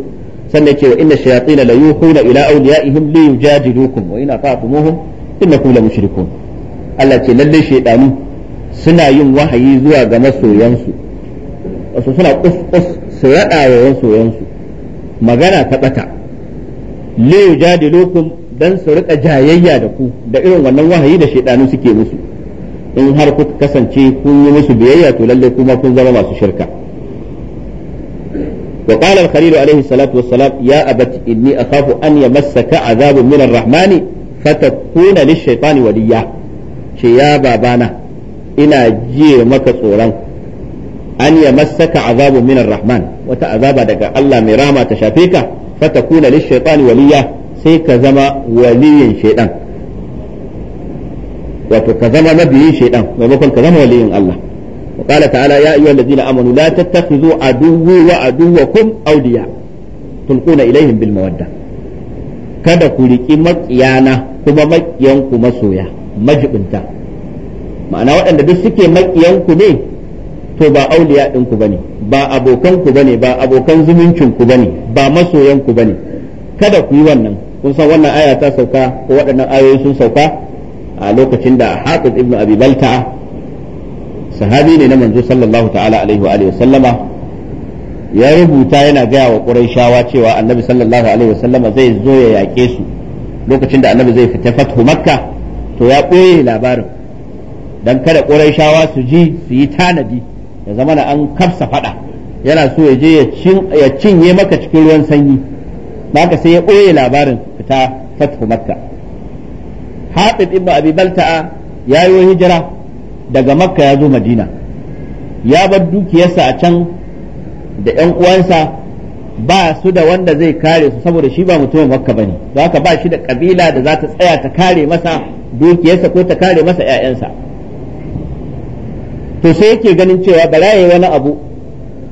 sannan ce wa inna ash-shayatin la yuhuna ila awliya'ihim li yujadilukum wa in ata'tumuhum innakum la Allah ce lalle shaydanu suna yin wahayi zuwa ga masoyansu wasu suna kus su rada wa magana ta bata dan su rika jayayya da ku da irin wannan wahayi da shaydanu suke musu in har kuka kasance kun yi musu biyayya to lalle kuma kun zama masu shirka wa qala al-khalil alayhi salatu wa salam ya abati inni akhafu an yamassaka azabun min ar-rahman fa takuna lish waliya ce ya babana ina jiye maka tsoron an yamassaka azabun min ar-rahman wata azaba daga Allah mai rama ta shafe ka fa takuna lish waliya sai ka zama waliyin shaytan wato ka zama mabiyin shaidan maimakon ka zama waliyin Allah wa qala ta'ala ya ayyuhal ladina amanu la tattakhizu aduwwa wa aduwwakum awliya tulquna ilaihim bil mawadda kada ku riki maƙiyana kuma maƙiyanku masoya majibinta ma'ana waɗanda duk suke maƙiyanku ne to ba auliya ɗinku ku ba abokanku bane ba abokan zumuncinku bane ba masoyanku bane kada kuyi wannan kun san wannan aya ta sauka ko waɗannan ayoyi sun sauka a lokacin da hafiz ibnu abi balta sahabi ne na manzo sallallahu ta'ala alaihi wa alihi sallama ya rubuta yana gaya wa quraishawa cewa annabi sallallahu alaihi wa sallama zai zo ya yaƙe su lokacin da annabi zai fita fathu makka to ya ɓoye labarin dan kada quraishawa su ji su yi tanadi ya zama na an kafsa fada yana so ya je ya cinye maka cikin ruwan sanyi haka sai ya ɓoye labarin fita fathu makka hatib ibn abi balta'a ya yi hijira daga makka ya zo madina ya bar dukiyarsa a can da yan uwansa ba su da wanda zai kare su saboda shi ba mutumin makka bane don haka ba shi da kabila da za ta tsaya ta kare masa dukiyarsa ko ta kare masa 'ya'yansa to sai yake ganin cewa bara yayi wani abu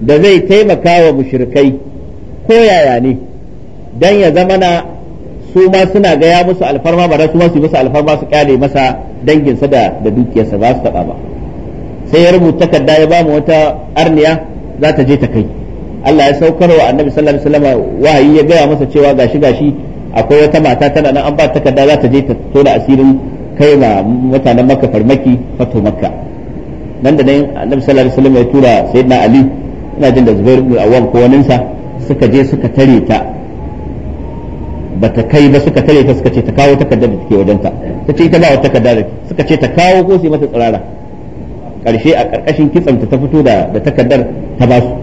da zai taimaka wa mushrikai ko yaya ne dan ya zama na su ma suna gaya musu alfarma ba da su ma su musu alfarma su kyale masa danginsa da da dukiyarsa ba su taba ba sai ya rubuta takarda ya ba mu wata arniya za ta je ta kai Allah ya saukar wa Annabi sallallahu alaihi wasallam wahayi ya gaya masa cewa gashi gashi akwai wata mata tana nan an ba takarda za ta je ta tona asirin kai ma mutanen Makka farmaki fato Makka nan da nan Annabi sallallahu alaihi wasallam ya tura Sayyidina Ali ina jin da zubairu bin Awwam ko waninsa suka je suka tare ta ba ta kai ba suka tare ta suka ce ta kawo takardar da take wajenta ta ce ita ba wata takarda suka ce ta kawo ko sai mata tsirara karshe a karkashin kitsan ta fito da da takardar ta ba su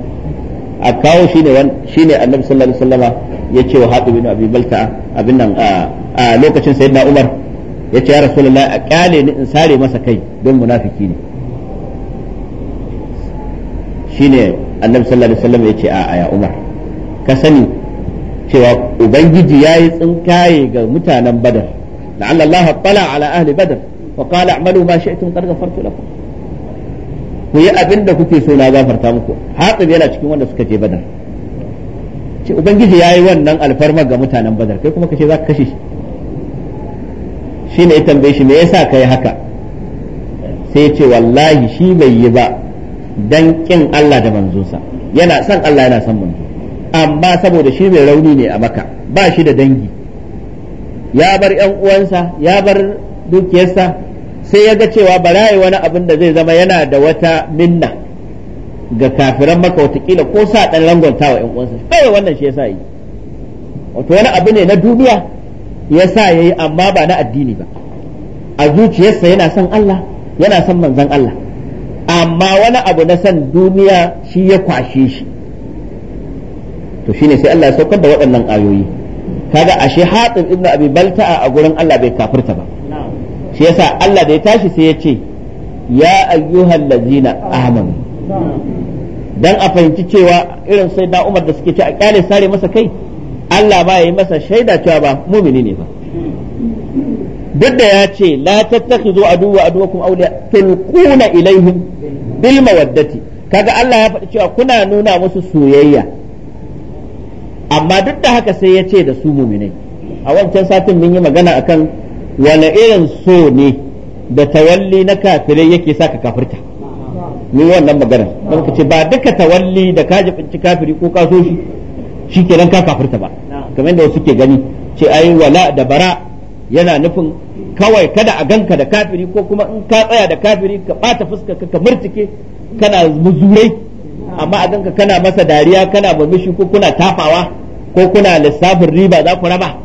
a kawo shine wan shine annabi sallallahu alaihi wasallama yace wa hadu bin abi balta abin nan a lokacin sayyidina umar yace ya rasulullahi a kyale ni in sare masa kai don munafiki ne shine annabi sallallahu alaihi ya yace a ya umar ka sani cewa ubangiji ya yi tsinkaye ga mutanen badar la'alla Allah tala ala ahli badar wa qala a'malu ma shi'tum qad ghafartu lakum ku yi abin da kuke so na gafarta muku hatsib yana cikin wanda suka je badar ce ubangiji ya yi wannan alfarma ga mutanen badar kai kuma kace ka kashe shi shine ita tambaye shi me yasa kai haka sai ce wallahi shi bai yi ba dan kin Allah da manzonsa yana son Allah yana son manzo amma saboda shi mai rauni ne a maka ba shi da dangi ya bar yan uwansa ya bar dukiyarsa sai ya ga cewa ba barayi wani abin da zai zama yana da wata minna ga kafiran maka watakila ko sa dan rangonta wa yan uwansa kai wannan shi yasa yi wato wani abu ne na duniya yasa yayi amma ba na addini ba a zuciyarsa yana son Allah yana son manzon Allah amma wani abu na san duniya shi ya kwashe shi to shine sai Allah ya saukar da waɗannan ayoyi kaga ashe Hatib ibnu Abi Balta'a a gurin Allah bai kafirta ba shi yasa Allah da ya tashi sai ya ce ya ayyuhal ladzina amanu dan a fahimci cewa irin sai da Umar da suke ci a kyale sare masa kai Allah ba ya yi masa shaida cewa ba mumini ne ba duk da ya ce la tattakhidhu aduwwa aduwakum awliya tulquna ilaihim bil mawaddati kaga Allah ya faɗi cewa kuna nuna musu soyayya amma duk da haka sai ya ce da su muminai a wancan satin mun yi magana akan wani irin so ne da tawalli na kafirai yake sa ka kafirta ni wannan magana don ka ce ba duka tawalli da ka jibinci kafiri ko ka shi shi kenan ka kafirta ba kamar yadda ke gani ce ai wala da bara yana nufin kawai kada a ganka da kafiri ko kuma in ka tsaya da kafiri ka bata fuska ka murtike kana muzurai amma a ganka kana masa dariya kana murmushi ko kuna tafawa ko kuna lissafin riba za ku raba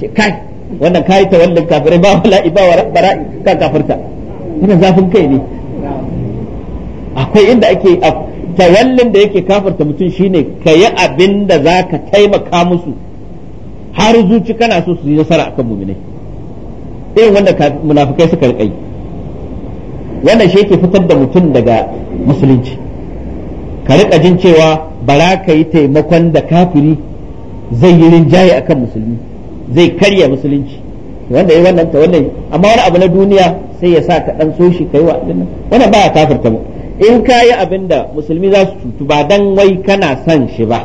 ce kai wannan kai ta wallin kafirai ba wala iba wa rabbara kan kafirta ina zafin kai ne akwai inda ake tawallin da yake kafirta mutum shine kayi abin da za ka taimaka musu har zuci kana so su yi nasara akan muminai irin wanda munafikai suka yi wannan shi yake fitar da mutum daga musulunci ka rika jin cewa bara ka yi taimakon da kafiri zai yi rinjaye akan musulmi zai karya musulunci wanda ya wannan ta wannan amma wani abu na duniya sai ya sa ka dan so shi kai wa dinnan wannan baya kafirta mu in ka yi abin da musulmi za su cutu ba dan wai kana son shi ba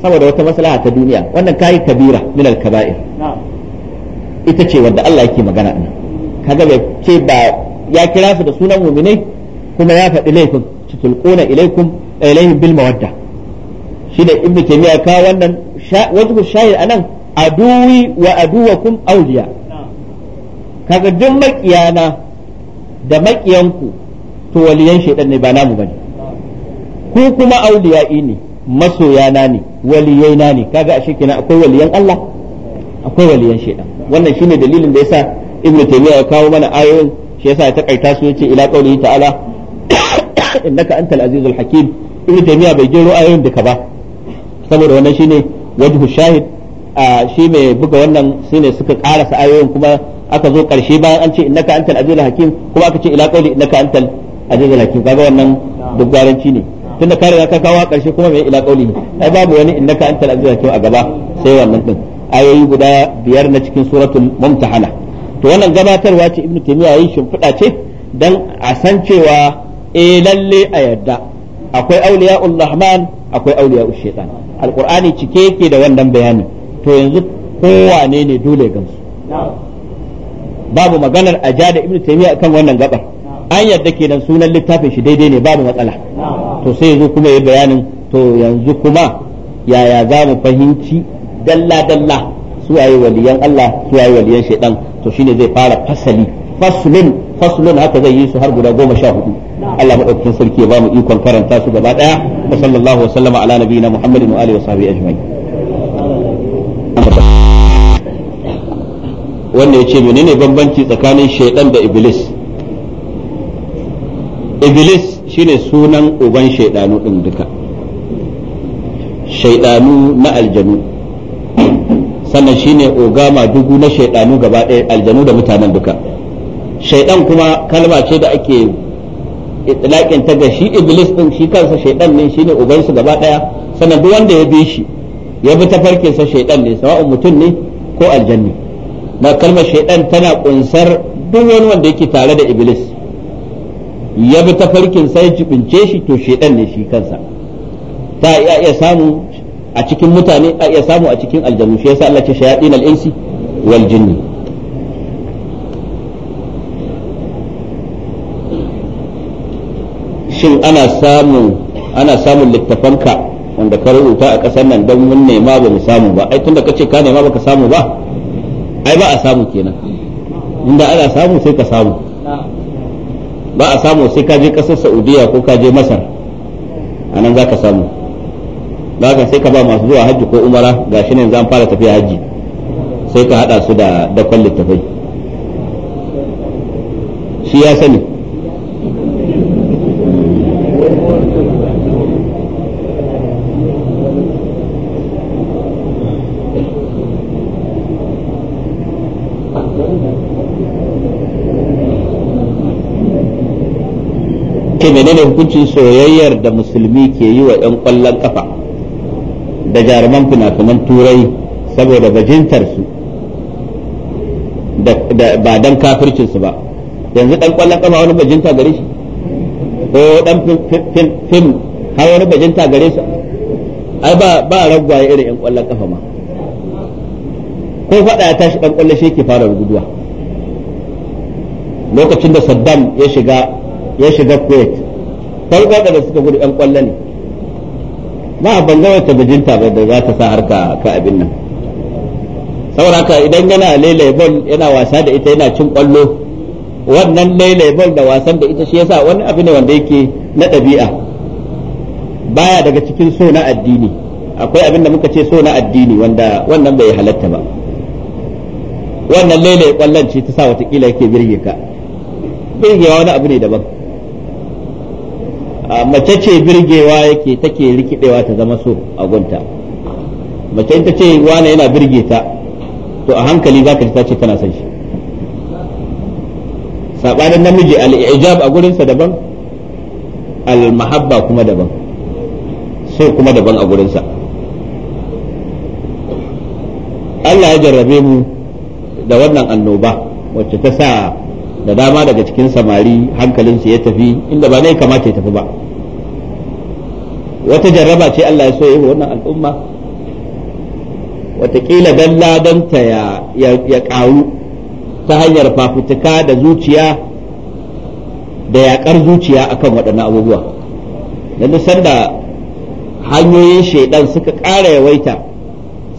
saboda wata maslaha ta duniya wannan kayi kabira min al kaba'ir ita ce wanda Allah yake magana din kaga bai ce ba ya kira su da sunan mu'minai kuma ya faɗi laifin tutulquna ilaikum ilayhim bil mawadda da ibn taymiya ka wannan wajhu shahid anan aduwi wa aduwakum awliya kaga duk makiyana da makiyanku to waliyan shaidan ne ba namu bane ku kuma auliya'i ne masoyana ne waliyaina ne kaga ashe kenan akwai waliyan Allah akwai waliyan shaidan wannan shine dalilin da yasa ibnu taymiya ya kawo mana ayoyin shi yasa ya takaita su yace ila qawlihi ta'ala innaka antal azizul hakim ibnu taymiya bai jero ayoyin duka ba saboda wannan shine wajhu shahid a shi mai buga wannan shine suka karasa ayoyin kuma aka zo karshe bayan an ce innaka antal azizul hakim kuma aka ce ila qawli innaka antal azizul hakim kaga wannan dubbaranci ne tunda ka riga ka kawo karshe kuma mai ila qawli ai babu wani innaka antal azizul hakim a gaba sai wannan din ayoyi guda biyar na cikin suratul mumtahana to wannan gabatarwa ce ibnu taymiya yayin shimfiɗa ce dan a san cewa eh lalle a yadda akwai auliya'ul rahman akwai auliya'ul shaitan alqur'ani cike yake da wannan bayani to yanzu kowane ne dole gamsu babu maganar aja da ibnu taymiya kan wannan gabar an yadda kenan sunan littafin shi daidai ne babu matsala to sai yanzu kuma yayi bayanin to yanzu kuma yaya za mu fahimci dalla dalla su yayi waliyan Allah su yayi waliyan shaidan to shine zai fara fasali faslun faslun haka zai yi su har guda goma sha hudu Allah madaukakin sarki ya ba mu ikon karanta su gaba ɗaya, wa sallallahu wa sallama ala nabiyina muhammadin wa alihi wa sahbihi ajma'in wanda ya ce menene bambanci tsakanin shaidan da iblis iblis shine sunan uban shaidanu din duka shaidanu na aljanu sannan shine ogama dugu na shaidanu gaba ɗaya aljanu da mutanen duka shaidan kuma kalma ce da ake itlaqin ta ga shi iblis din shi kansa shaydan ne shine uban su gaba daya sannan duk wanda ya bi shi ya bi tafarkin sa shaydan ne sawa'un mutum ne ko aljanni ma kalmar shaydan tana kunsar duk wani wanda yake tare da iblis ya bi tafarkin sa ya jibince shi to shaydan ne shi kansa ta iya samu a cikin mutane a iya samu a cikin aljanu shi yasa Allah ce shayatin al-insi wal jinni shin ana samun ana samun littafanka wanda ka rubuta a ƙasar nan don mun nema ba mu samu ba ai tunda kace ka nema baka samu ba ai ba a samu kenan inda ana samu sai ka samu ba a samu sai ka je ƙasar Saudiya ko ka je Masar anan za ka samu haka sai ka ba masu zuwa hajji ko umara gashi ne zan fara tafiya hajji sai ka hada su da dakon littafai shi ya sani menene hukuncin soyayyar da musulmi ke yi wa 'yan kwallon kafa da jaruman fina-finan turai saboda bajintarsu ba don kafircinsu ba yanzu dan kwallon kafa wani bajinta gare shi ko dan fim har wani bajinta gare su ai ba ba ragwaye irin 'yan kwallon kafa ma ko faɗa ya tashi dan kwallon shi ke fara guduwa lokacin da saddam ya shiga ya shiga kuwait sai ba da suka gudu ɗan ƙwallon ne ba ban ga wata bajinta ba da za ta sa harka ka abin nan sauraka idan yana lele bol yana wasa da ita yana cin ƙwallo, wannan lele bol da wasan da ita shi yasa wani abu ne wanda yake na ɗabi'a baya daga cikin so na addini akwai abin da muka ce so na addini wanda wannan bai halatta ba wannan lele ƙwallon ce ta sa watakila yake birge ka birgewa wani abu ne daban mace ce birgewa yake take rikidewa ta zama so a gunta mace ta ce wane yana birge ta to a hankali za ji ta ce tana son shi sabanin namiji al-ijab a gurinsa daban al-mahabba kuma daban so kuma daban a gurinsa Allah ya jarrabe mu da wannan annoba wacce ta sa da dama daga cikin samari hankalinsu ya tafi inda ba zai kamata ya tafi ba wata jarraba ce Allah ya so ya yi wannan al'umma watakila don ladanta ya ƙaru ta hanyar fafutuka da zuciya da yaƙar zuciya akan waɗannan abubuwa da sanda hanyoyin shaidan suka ƙara yawaita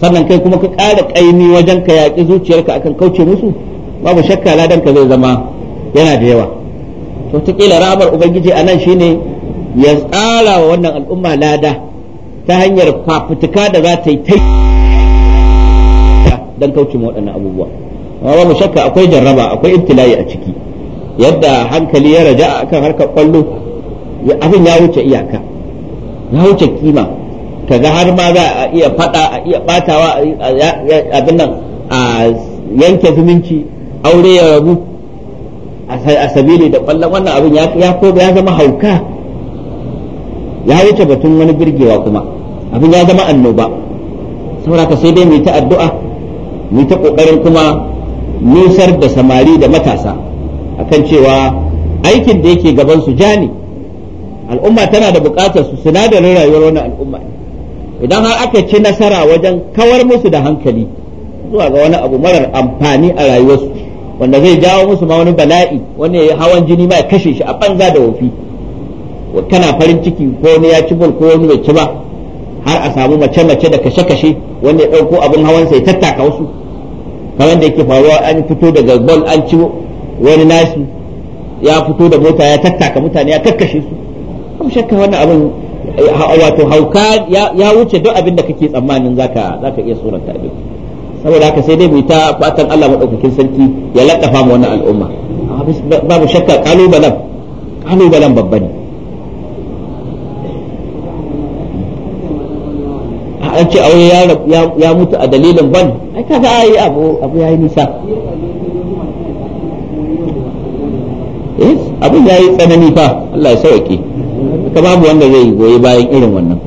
sannan kai kuma ka ƙara ƙaimi wajen ka yaƙi zuciyarka akan kauce musu babu shakka ladan ka zai zama yana da yawa to kila rabar ubangiji anan shine ya tsara wa wannan al'umma lada ta hanyar fafutuka da za ta yi ta dan kauce ma waɗannan abubuwa amma babu shakka akwai jarraba akwai ibtila'i a ciki yadda hankali ya raja akan harkar kwallo abin ya wuce iyaka ya wuce kima kaga har ma za a iya fada a iya batawa abin nan a yanke zumunci aure ya rabu a sabili da kwallon wannan abin ya ko ya zama hauka ya wuce batun wani birgewa kuma abin ya zama annoba saboda ka sai dai mu ta addu'a mu ta kokarin kuma nusar da samari da matasa akan cewa aikin da yake gaban su ja ne, al'umma tana da bukatar su sinadarin rayuwar wannan al'umma idan har aka ci nasara wajen kawar musu da hankali zuwa ga wani abu marar amfani a rayuwarsu wanda zai jawo musu ma wani bala'i wani ya hawan jini ma ya kashe shi a banza da wofi kana farin ciki ko wani ya ci bol ko wani bai ci ba har a samu mace mace da kashe kashe wanda ya ɗauko abin hawan sai tattaka wasu kamar da yake faruwa an fito daga bol an ci wani nasi ya fito da mota ya tattaka mutane ya kakkashe su kuma shakka wannan abin eh, wato hauka ya wuce duk abin da kake tsammanin zaka zaka iya suranta abin saboda haka sai dai mu ta fatan Allah madaukakin sarki ya lakafa mu wannan al'umma babu shakka kalubalan kalubalan babba ne an ce aure ya mutu a dalilin ban ai kaga ai abu abu yayi nisa eh abin yayi tsanani fa Allah ya sauke ka babu wanda zai goyi bayan irin wannan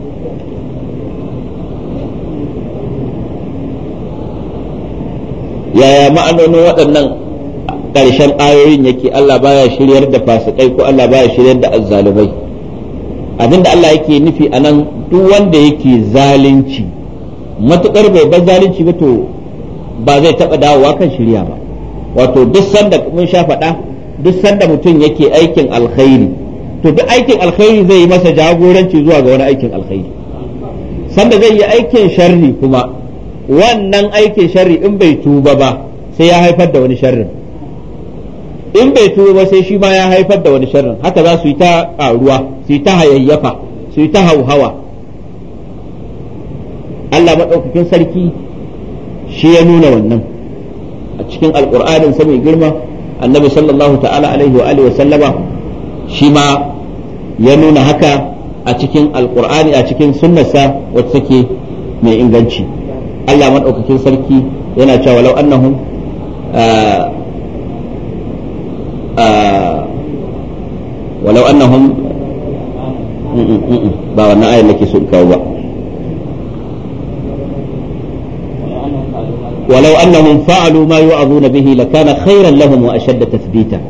yaya ma'anonin waɗannan ƙarshen ayoyin yake Allah baya shiryar da fasikai ko Allah baya shiryar da azzalumai abinda Allah yake nufi a nan duk wanda yake zalunci matuƙar bai bar zalunci ba to ba zai taɓa dawowa kan shirya ba wato duk sanda mun sha faɗa duk sanda mutum yake aikin alkhairi to duk aikin alkhairi zai yi masa jagoranci zuwa ga wani aikin alkhairi sanda zai yi aikin sharri kuma wannan aikin sharri in bai tuba ba sai ya haifar da wani sharrin in bai tuba ba sai shi ma ya haifar da wani sharrin haka za su yi ta ƙaruwa su yi ta hayayyafa su yi ta hauhawa Allah maɗaukakin sarki shi ya nuna wannan a cikin alƙur'anin sa mai girma annabi sallallahu ta'ala alaihi wa alihi wa sallama shi ma ya nuna haka a cikin alƙur'ani a cikin sunnarsa wacce take mai inganci Allah madaukakin sarki yana cewa law annahum ولو ah, أنهم ah, mm, mm, mm, ba wannan nake so kawo ba ولو أنهم فعلوا ما يوعظون به لكان خيرا لهم وأشد تثبيتا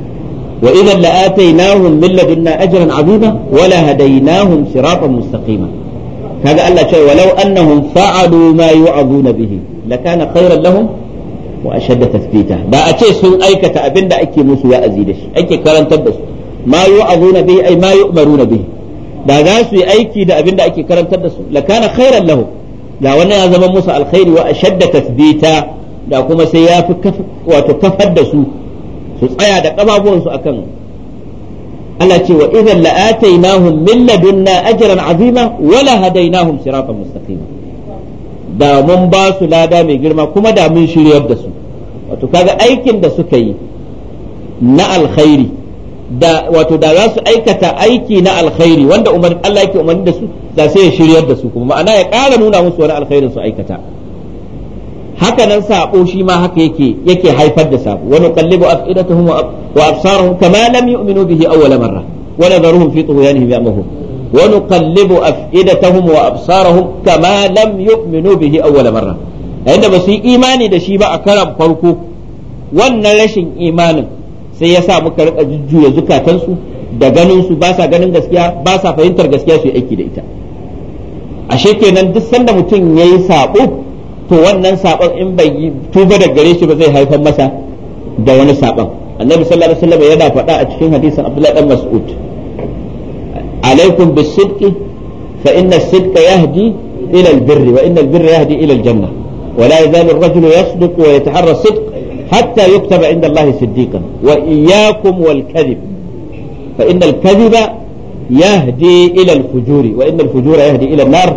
وإذا لآتيناهم من لدنا أجرا عظيما ولهديناهم صراطا مستقيما kaga Allah ce walau annahum fa'alu ma yu'azuna bihi lakana khairan lahum wa ashadda tathbita ba a ce sun aikata abinda ake musu wa'azi da shi ake karantar da su ma yu'azuna bihi ay ma yu'maruna bihi da za su yi aiki da abinda ake karantar da su lakana khairan lahum da wannan ya zama musu alkhairi wa ashadda tathbita da kuma sai ya fi wato kafar da su su tsaya da kababuwansu akan Allah ce wa idan la'atainahum min ladunna ajran azima wala la hadainahum siratan mustaqima da mun ba su lada mai girma kuma da mun shiryar da su wato kaga aikin da suka yi na alkhairi da wato da za su aikata aiki na alkhairi wanda umar Allah yake umarni da su da sai ya shiryar da su kuma ma'ana ya ƙara nuna musu wani alkhairin su aikata haka nan sabo shi ma haka yake yake haifar da sabo wani qallibu afidatuhum wa absarahum kama lam yu'minu bihi awwal marra wa nadharuhum fi tughyanihim ya'mahun wa nuqallibu afidatahum wa absarahum kama lam yu'minu bihi awwal marra inda ba su yi imani da shi ba a karan farko wannan rashin imanin sai ya sa muka rika jujjuya zukatansu da ganin su ba sa ganin gaskiya ba sa fahimtar gaskiya su yi aiki da ita ashe kenan duk sanda mutum yayi sabo to wannan sabon in bai yi tuba da gare shi ba zai haifar masa da wani sabon annabi sallallahu alaihi wasallam yana faɗa a cikin hadisin abdullahi dan mas'ud alaikum bis-sidqi fa inna as-sidqa yahdi ila al-birri wa inna al-birra yahdi ila al-janna wa la yazalu ar-rajulu yasduqu wa yataharra as-sidq hatta yuktaba inda Allah siddiqan wa iyyakum wal-kadhib fa inna al-kadhiba yahdi ila al-fujuri wa inna al-fujura yahdi ila an-nar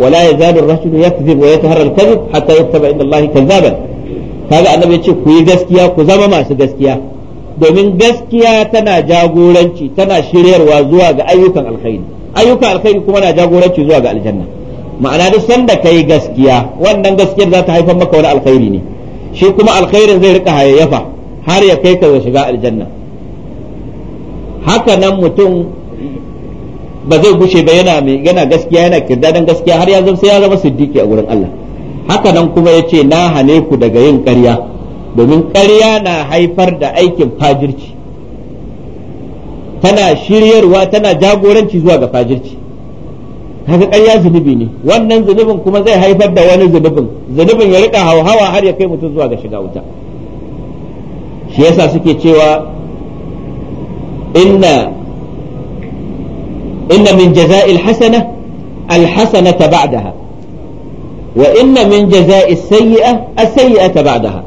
ولا يزال الرشد يكذب ويتهرى a حتى يكتب عند الله كذابا kaga annabi ce ku yi gaskiya ku zama masu gaskiya domin gaskiya tana jagoranci tana shiryarwa zuwa ga ayyukan alkhairi ayyukan alkhairi kuma na jagoranci zuwa ga aljanna ma'ana duk sanda kayi gaskiya wannan gaskiyar zata haifar maka wani alkhairi ne shi kuma alkhairin zai rika hayayyafa har ya kai ka shiga aljanna haka nan mutum ba zai gushe ba yana mai yana gaskiya yana dan gaskiya har ya zama sai ya zama siddiqi a gurin Allah haka nan kuma yace na hane ku daga yin ƙarya domin ƙarya na haifar da aikin fajirci tana shiryarwa tana jagoranci zuwa ga fajirci kaga ƙarya zunubi ne wannan zunubin kuma zai haifar da wani zunubin zunubin ya rika hauhawa har ya kai mutum zuwa ga shiga wuta shi yasa suke cewa inna inna jaza'il hasana alhasanata ba'daha wa jaza'i sayyi'a as-sayyi'ata ba'daha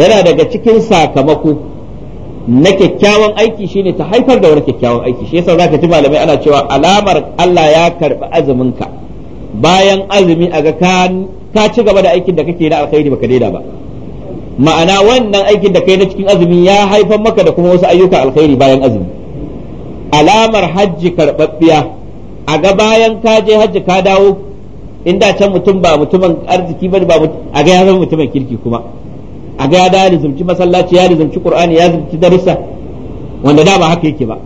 yana daga cikin sakamako na kyakkyawan aiki shine ta haifar da wani kyakkyawan aiki shi yasa zaka ji malamai ana cewa alamar Allah ya karbi azumin ka bayan azumi a ga ka ci gaba da aikin da kake na alkhairi baka daina ba ma'ana wannan aikin da kai na cikin azumi ya haifar maka da kuma wasu ayyuka alkhairi bayan azumi alamar hajji karɓaɓɓiya a ga bayan ka je hajji ka dawo inda can mutum ba mutumin arziki ba a ga ya zama mutumin kirki kuma a ga ya da lizumci masallaci ya lizumci qur'ani ya lizumci darussa wanda da ba haka yake ba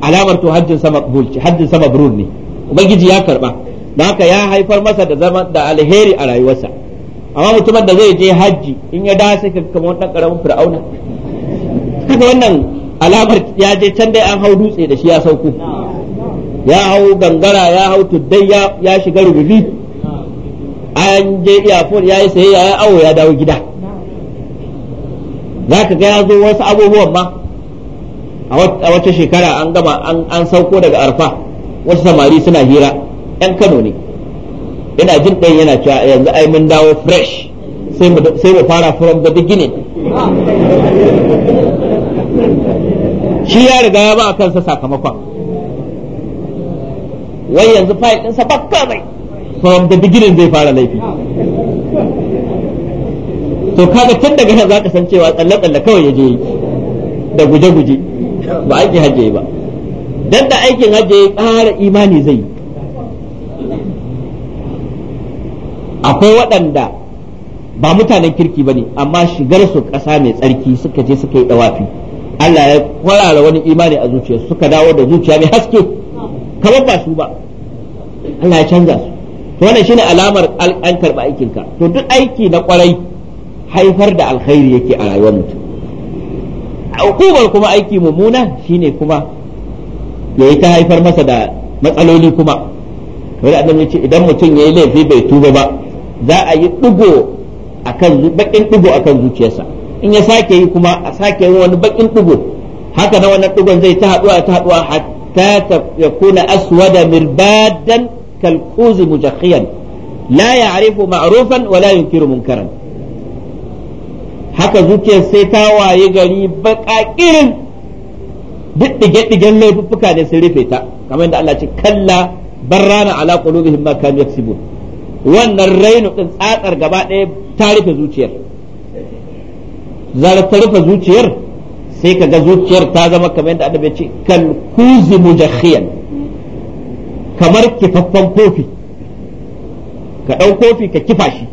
alamar to hajjin sama bulci hajjin sama burur ne ubangiji ya karba da haka ya haifar masa da zama da alheri a rayuwarsa amma mutumin da zai je hajji in ya dawo sai ka kamar wani dan karamin fir'auna kaga wannan alamar ya je can dai an hau dutse da shi ya sauko ya hau gangara ya hau tuddai ya shiga rububi an je iyafon ya yi sayayya ya awo ya dawo gida za ka ga ya zo wasu abubuwan ma a wata shekara an gama an sauko daga arfa wasu samari suna hira 'yan kano ne yana jin ɗan yana cewa yanzu ai mun dawo fresh sai mu fara from the beginning shi ya riga ya ba a kansa sakamakon wai yanzu fayil ɗinsa ba kamai from the beginning zai fara laifi to kaga tun daga nan zaka san cewa tsalle-tsalle kawai ya je da guje-guje ba aiki hajje ba dan da aikin hajje ya imani zai akwai waɗanda ba mutanen kirki ba ne amma shigar su ƙasa mai tsarki suka je suka yi ɗawafi Allah ya kwarara wani imani a zuciya suka dawo da zuciya mai haske kamar ba su ba Allah ya canza su to wannan shine alamar an karba aikin to duk aiki na kwarai haifar da alkhairi yake a rayuwar mutum hukumar kuma aiki mummuna shine kuma Ya yi ta haifar masa da matsaloli kuma kamar ya ce idan mutum ya yi laifi bai tuba ba za a yi digo akan bakin digo akan zuciyarsa in ya sake yi kuma a sake yin wani bakin ɗigo haka na wannan ɗigon zai ta haɗuwa ta haɗuwa hatta ya kuna aswada mirbadan kalkuzi mujakhiyan la ya'rifu ma'rufan wa la yunkiru munkaran haka zuciyar sai ta waye gari baka irin duk ɗige laifuffuka ne sun rufe ta kamar yadda Allah ce kalla barrana ala qulubihim ma kanu yaksibun wannan rainu din tsatsar gaba ɗaya ta rufe zuciyar zarar ta rufe zuciyar sai ka ga zuciyar ta zama kamar yadda annabi ya ce kan kuzi mujahiyan kamar kifaffen kofi ka ɗau kofi ka kifa shi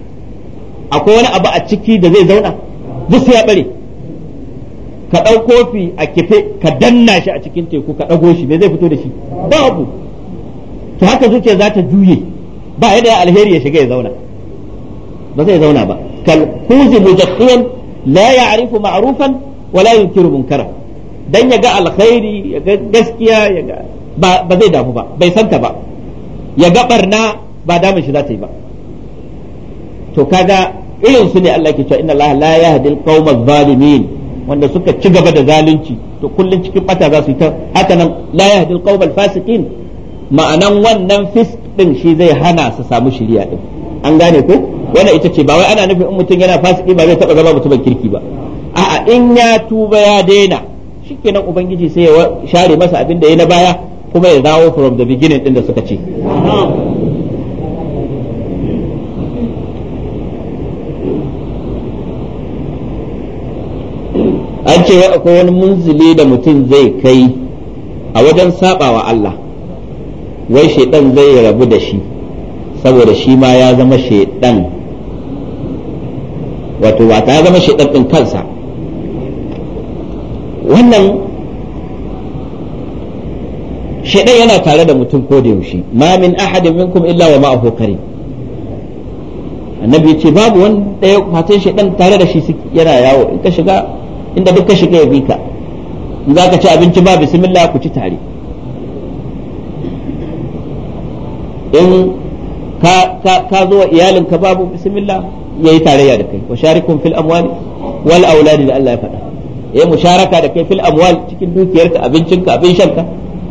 akwai wani abu a ciki da zai zauna duk sai ya bare ka ɗau kofi a kife ka danna shi a cikin teku ka ɗago shi me zai fito da shi babu to haka zuciyar za ta juye ba yadda alheri ya shiga ya zauna ba zai zauna ba kal kuzi mujahiyan la ya'rifu ma'rufan wa la yunkiru munkara dan ya ga alkhairi ya ga gaskiya ba zai damu ba bai santa ba ya ga barna ba damun shi za ta yi ba to kaga irin su ne Allah ke cewa inna Allah la yahdi al-qawma zalimin wanda suka ci gaba da zalunci to kullun cikin bata za su yi ta haka nan la yahdi al-qawma al-fasiqin ma'anan wannan fis ɗin shi zai hana su samu shiriya din an gane ko wannan ita ce ba wai ana nufin in mutum yana fasiki ba zai taba zama mutumin kirki ba a in ya tuba ya daina shikenan ubangiji sai ya share masa abin da ya na baya kuma ya dawo from the beginning din da suka ce an ce akwai wani munzili da mutum zai kai a wajen sabawa Allah wai shaidan zai rabu da shi saboda shi ma ya zama shaidan wato wata ya zama shaidan ɗin kansa wannan shaidan yana tare da mutum ko da yaushe ma min ahadin minkum illa wa ma'ahu qarin annabi ce babu wani ɗaya fatan shaidan tare da shi yana yawo in ka shiga inda duk ka shiga ya bi ka in za ka ci abinci ba bismillah ku ci tare in ka zo wa iyalinka babu bismillah yi tarayya da kai wa sharikun fil amwali wal auladi da Allah ya faɗa yi musharaka da kai fil amwali cikin dukiyarka abincinka abin shanka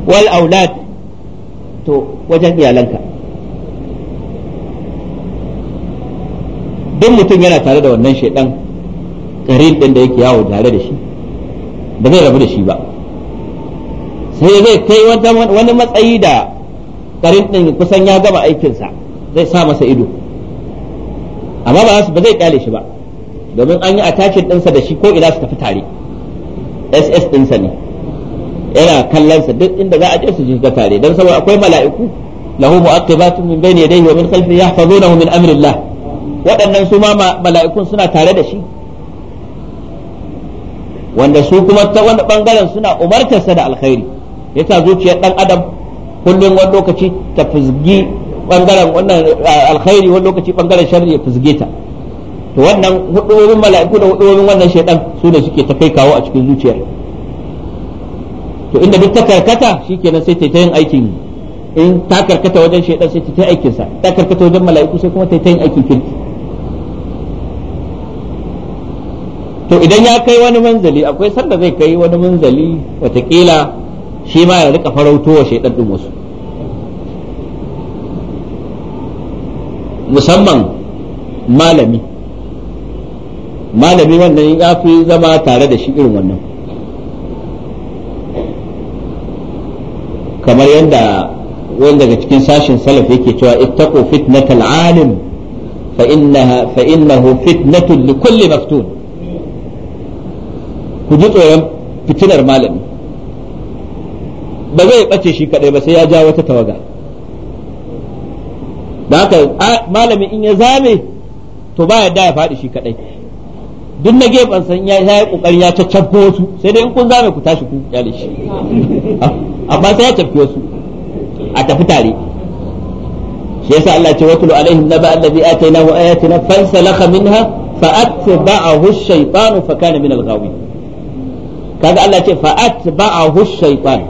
wal aulad to wajen iyalanka duk mutum yana tare da wannan shaidan karin din da yake yawo tare da shi ba zai rabu da shi ba sai zai kai wani matsayi da karin din kusan ya gama aikinsa zai sa masa ido amma ba su ba zai kyale shi ba domin an yi attachin ɗinsa da shi ko ina su tafi tare ss ɗinsa ne yana kallonsa duk inda za a je su ji ga tare dan saboda akwai mala'iku lahu mu'aqibatun min bayni yadayhi wa min khalfihi yahfazunahu min amrillah waɗannan su ma mala'ikun suna tare da shi wanda su kuma ta wani bangaren suna umartarsa da alkhairi yasa zuciyar dan adam kullum wani lokaci ta fizgi bangaren wannan eh, alkhairi wani lokaci bangaren sharri ya fusge ta to wannan hudurin mala'iku da hudurin wannan shaidan su ne suke ta kai kawo a cikin zuciyar to inda duk ta karkata shikenan sai ta yin aikin in ta karkata wajen shaidan sai ta yi aikin sa ta karkata wajen mala'iku sai kuma ta yi aikin kirki to idan ya kai wani manzali akwai sanda zai kai wani manzali watakila shi ma ya rika farautowa shaidan din wasu musamman malami malami wannan ya fi zama tare da shi irin wannan kamar yadda wani daga cikin sashin salaf yake cewa ittaqu fitnatal alim fa innaha fa innahu fitnatun li kulli maftun ku ji tsoron fitinar malami ba zai bace shi kadai ba sai ya ja wata tawaga da haka malamin in ya zame to ba yadda ya faɗi shi kaɗai. duk na gefen san ya yi ƙoƙari ya caccabko wasu sai dai in kun zame ku tashi ku yale shi amma sai ya tafi wasu a tafi tare shi yasa Allah ce watulu alaihim naba allazi atainahu min ha minha ba'a ash-shaytanu fa kana min al-ghawin kaga Allah ce ba'a ash-shaytan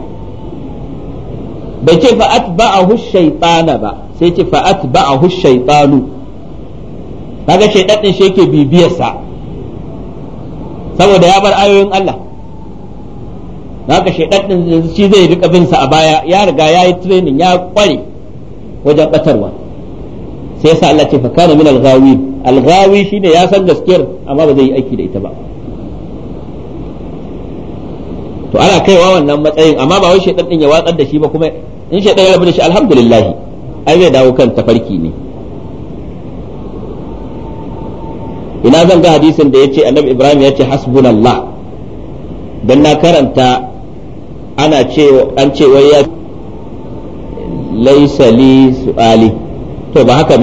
bai ce fa'atba'ahu ash-shaytana ba sai ce fa atba'ahu shaytanu kaga shaytan din shi yake bibiyarsa saboda ya bar ayoyin Allah haka shaytan din shi zai rika bin sa a baya ya riga ya yi training ya kware wajen batarwa sai ya sa Allah ce fa min al-ghawi al-ghawi shine ya san gaskiyar amma ba zai yi aiki da ita ba to ana kaiwa wannan matsayin amma ba wai shaytan din ya watsar da shi ba kuma in shaytan ya rabu da shi alhamdulillah ai zai dawo kan tafarki ne ina zan ga hadisin da yace annabi ibrahim ya ce hasbunallah dan na karanta ana ce an ce wai ya laisa li su'ali to ba haka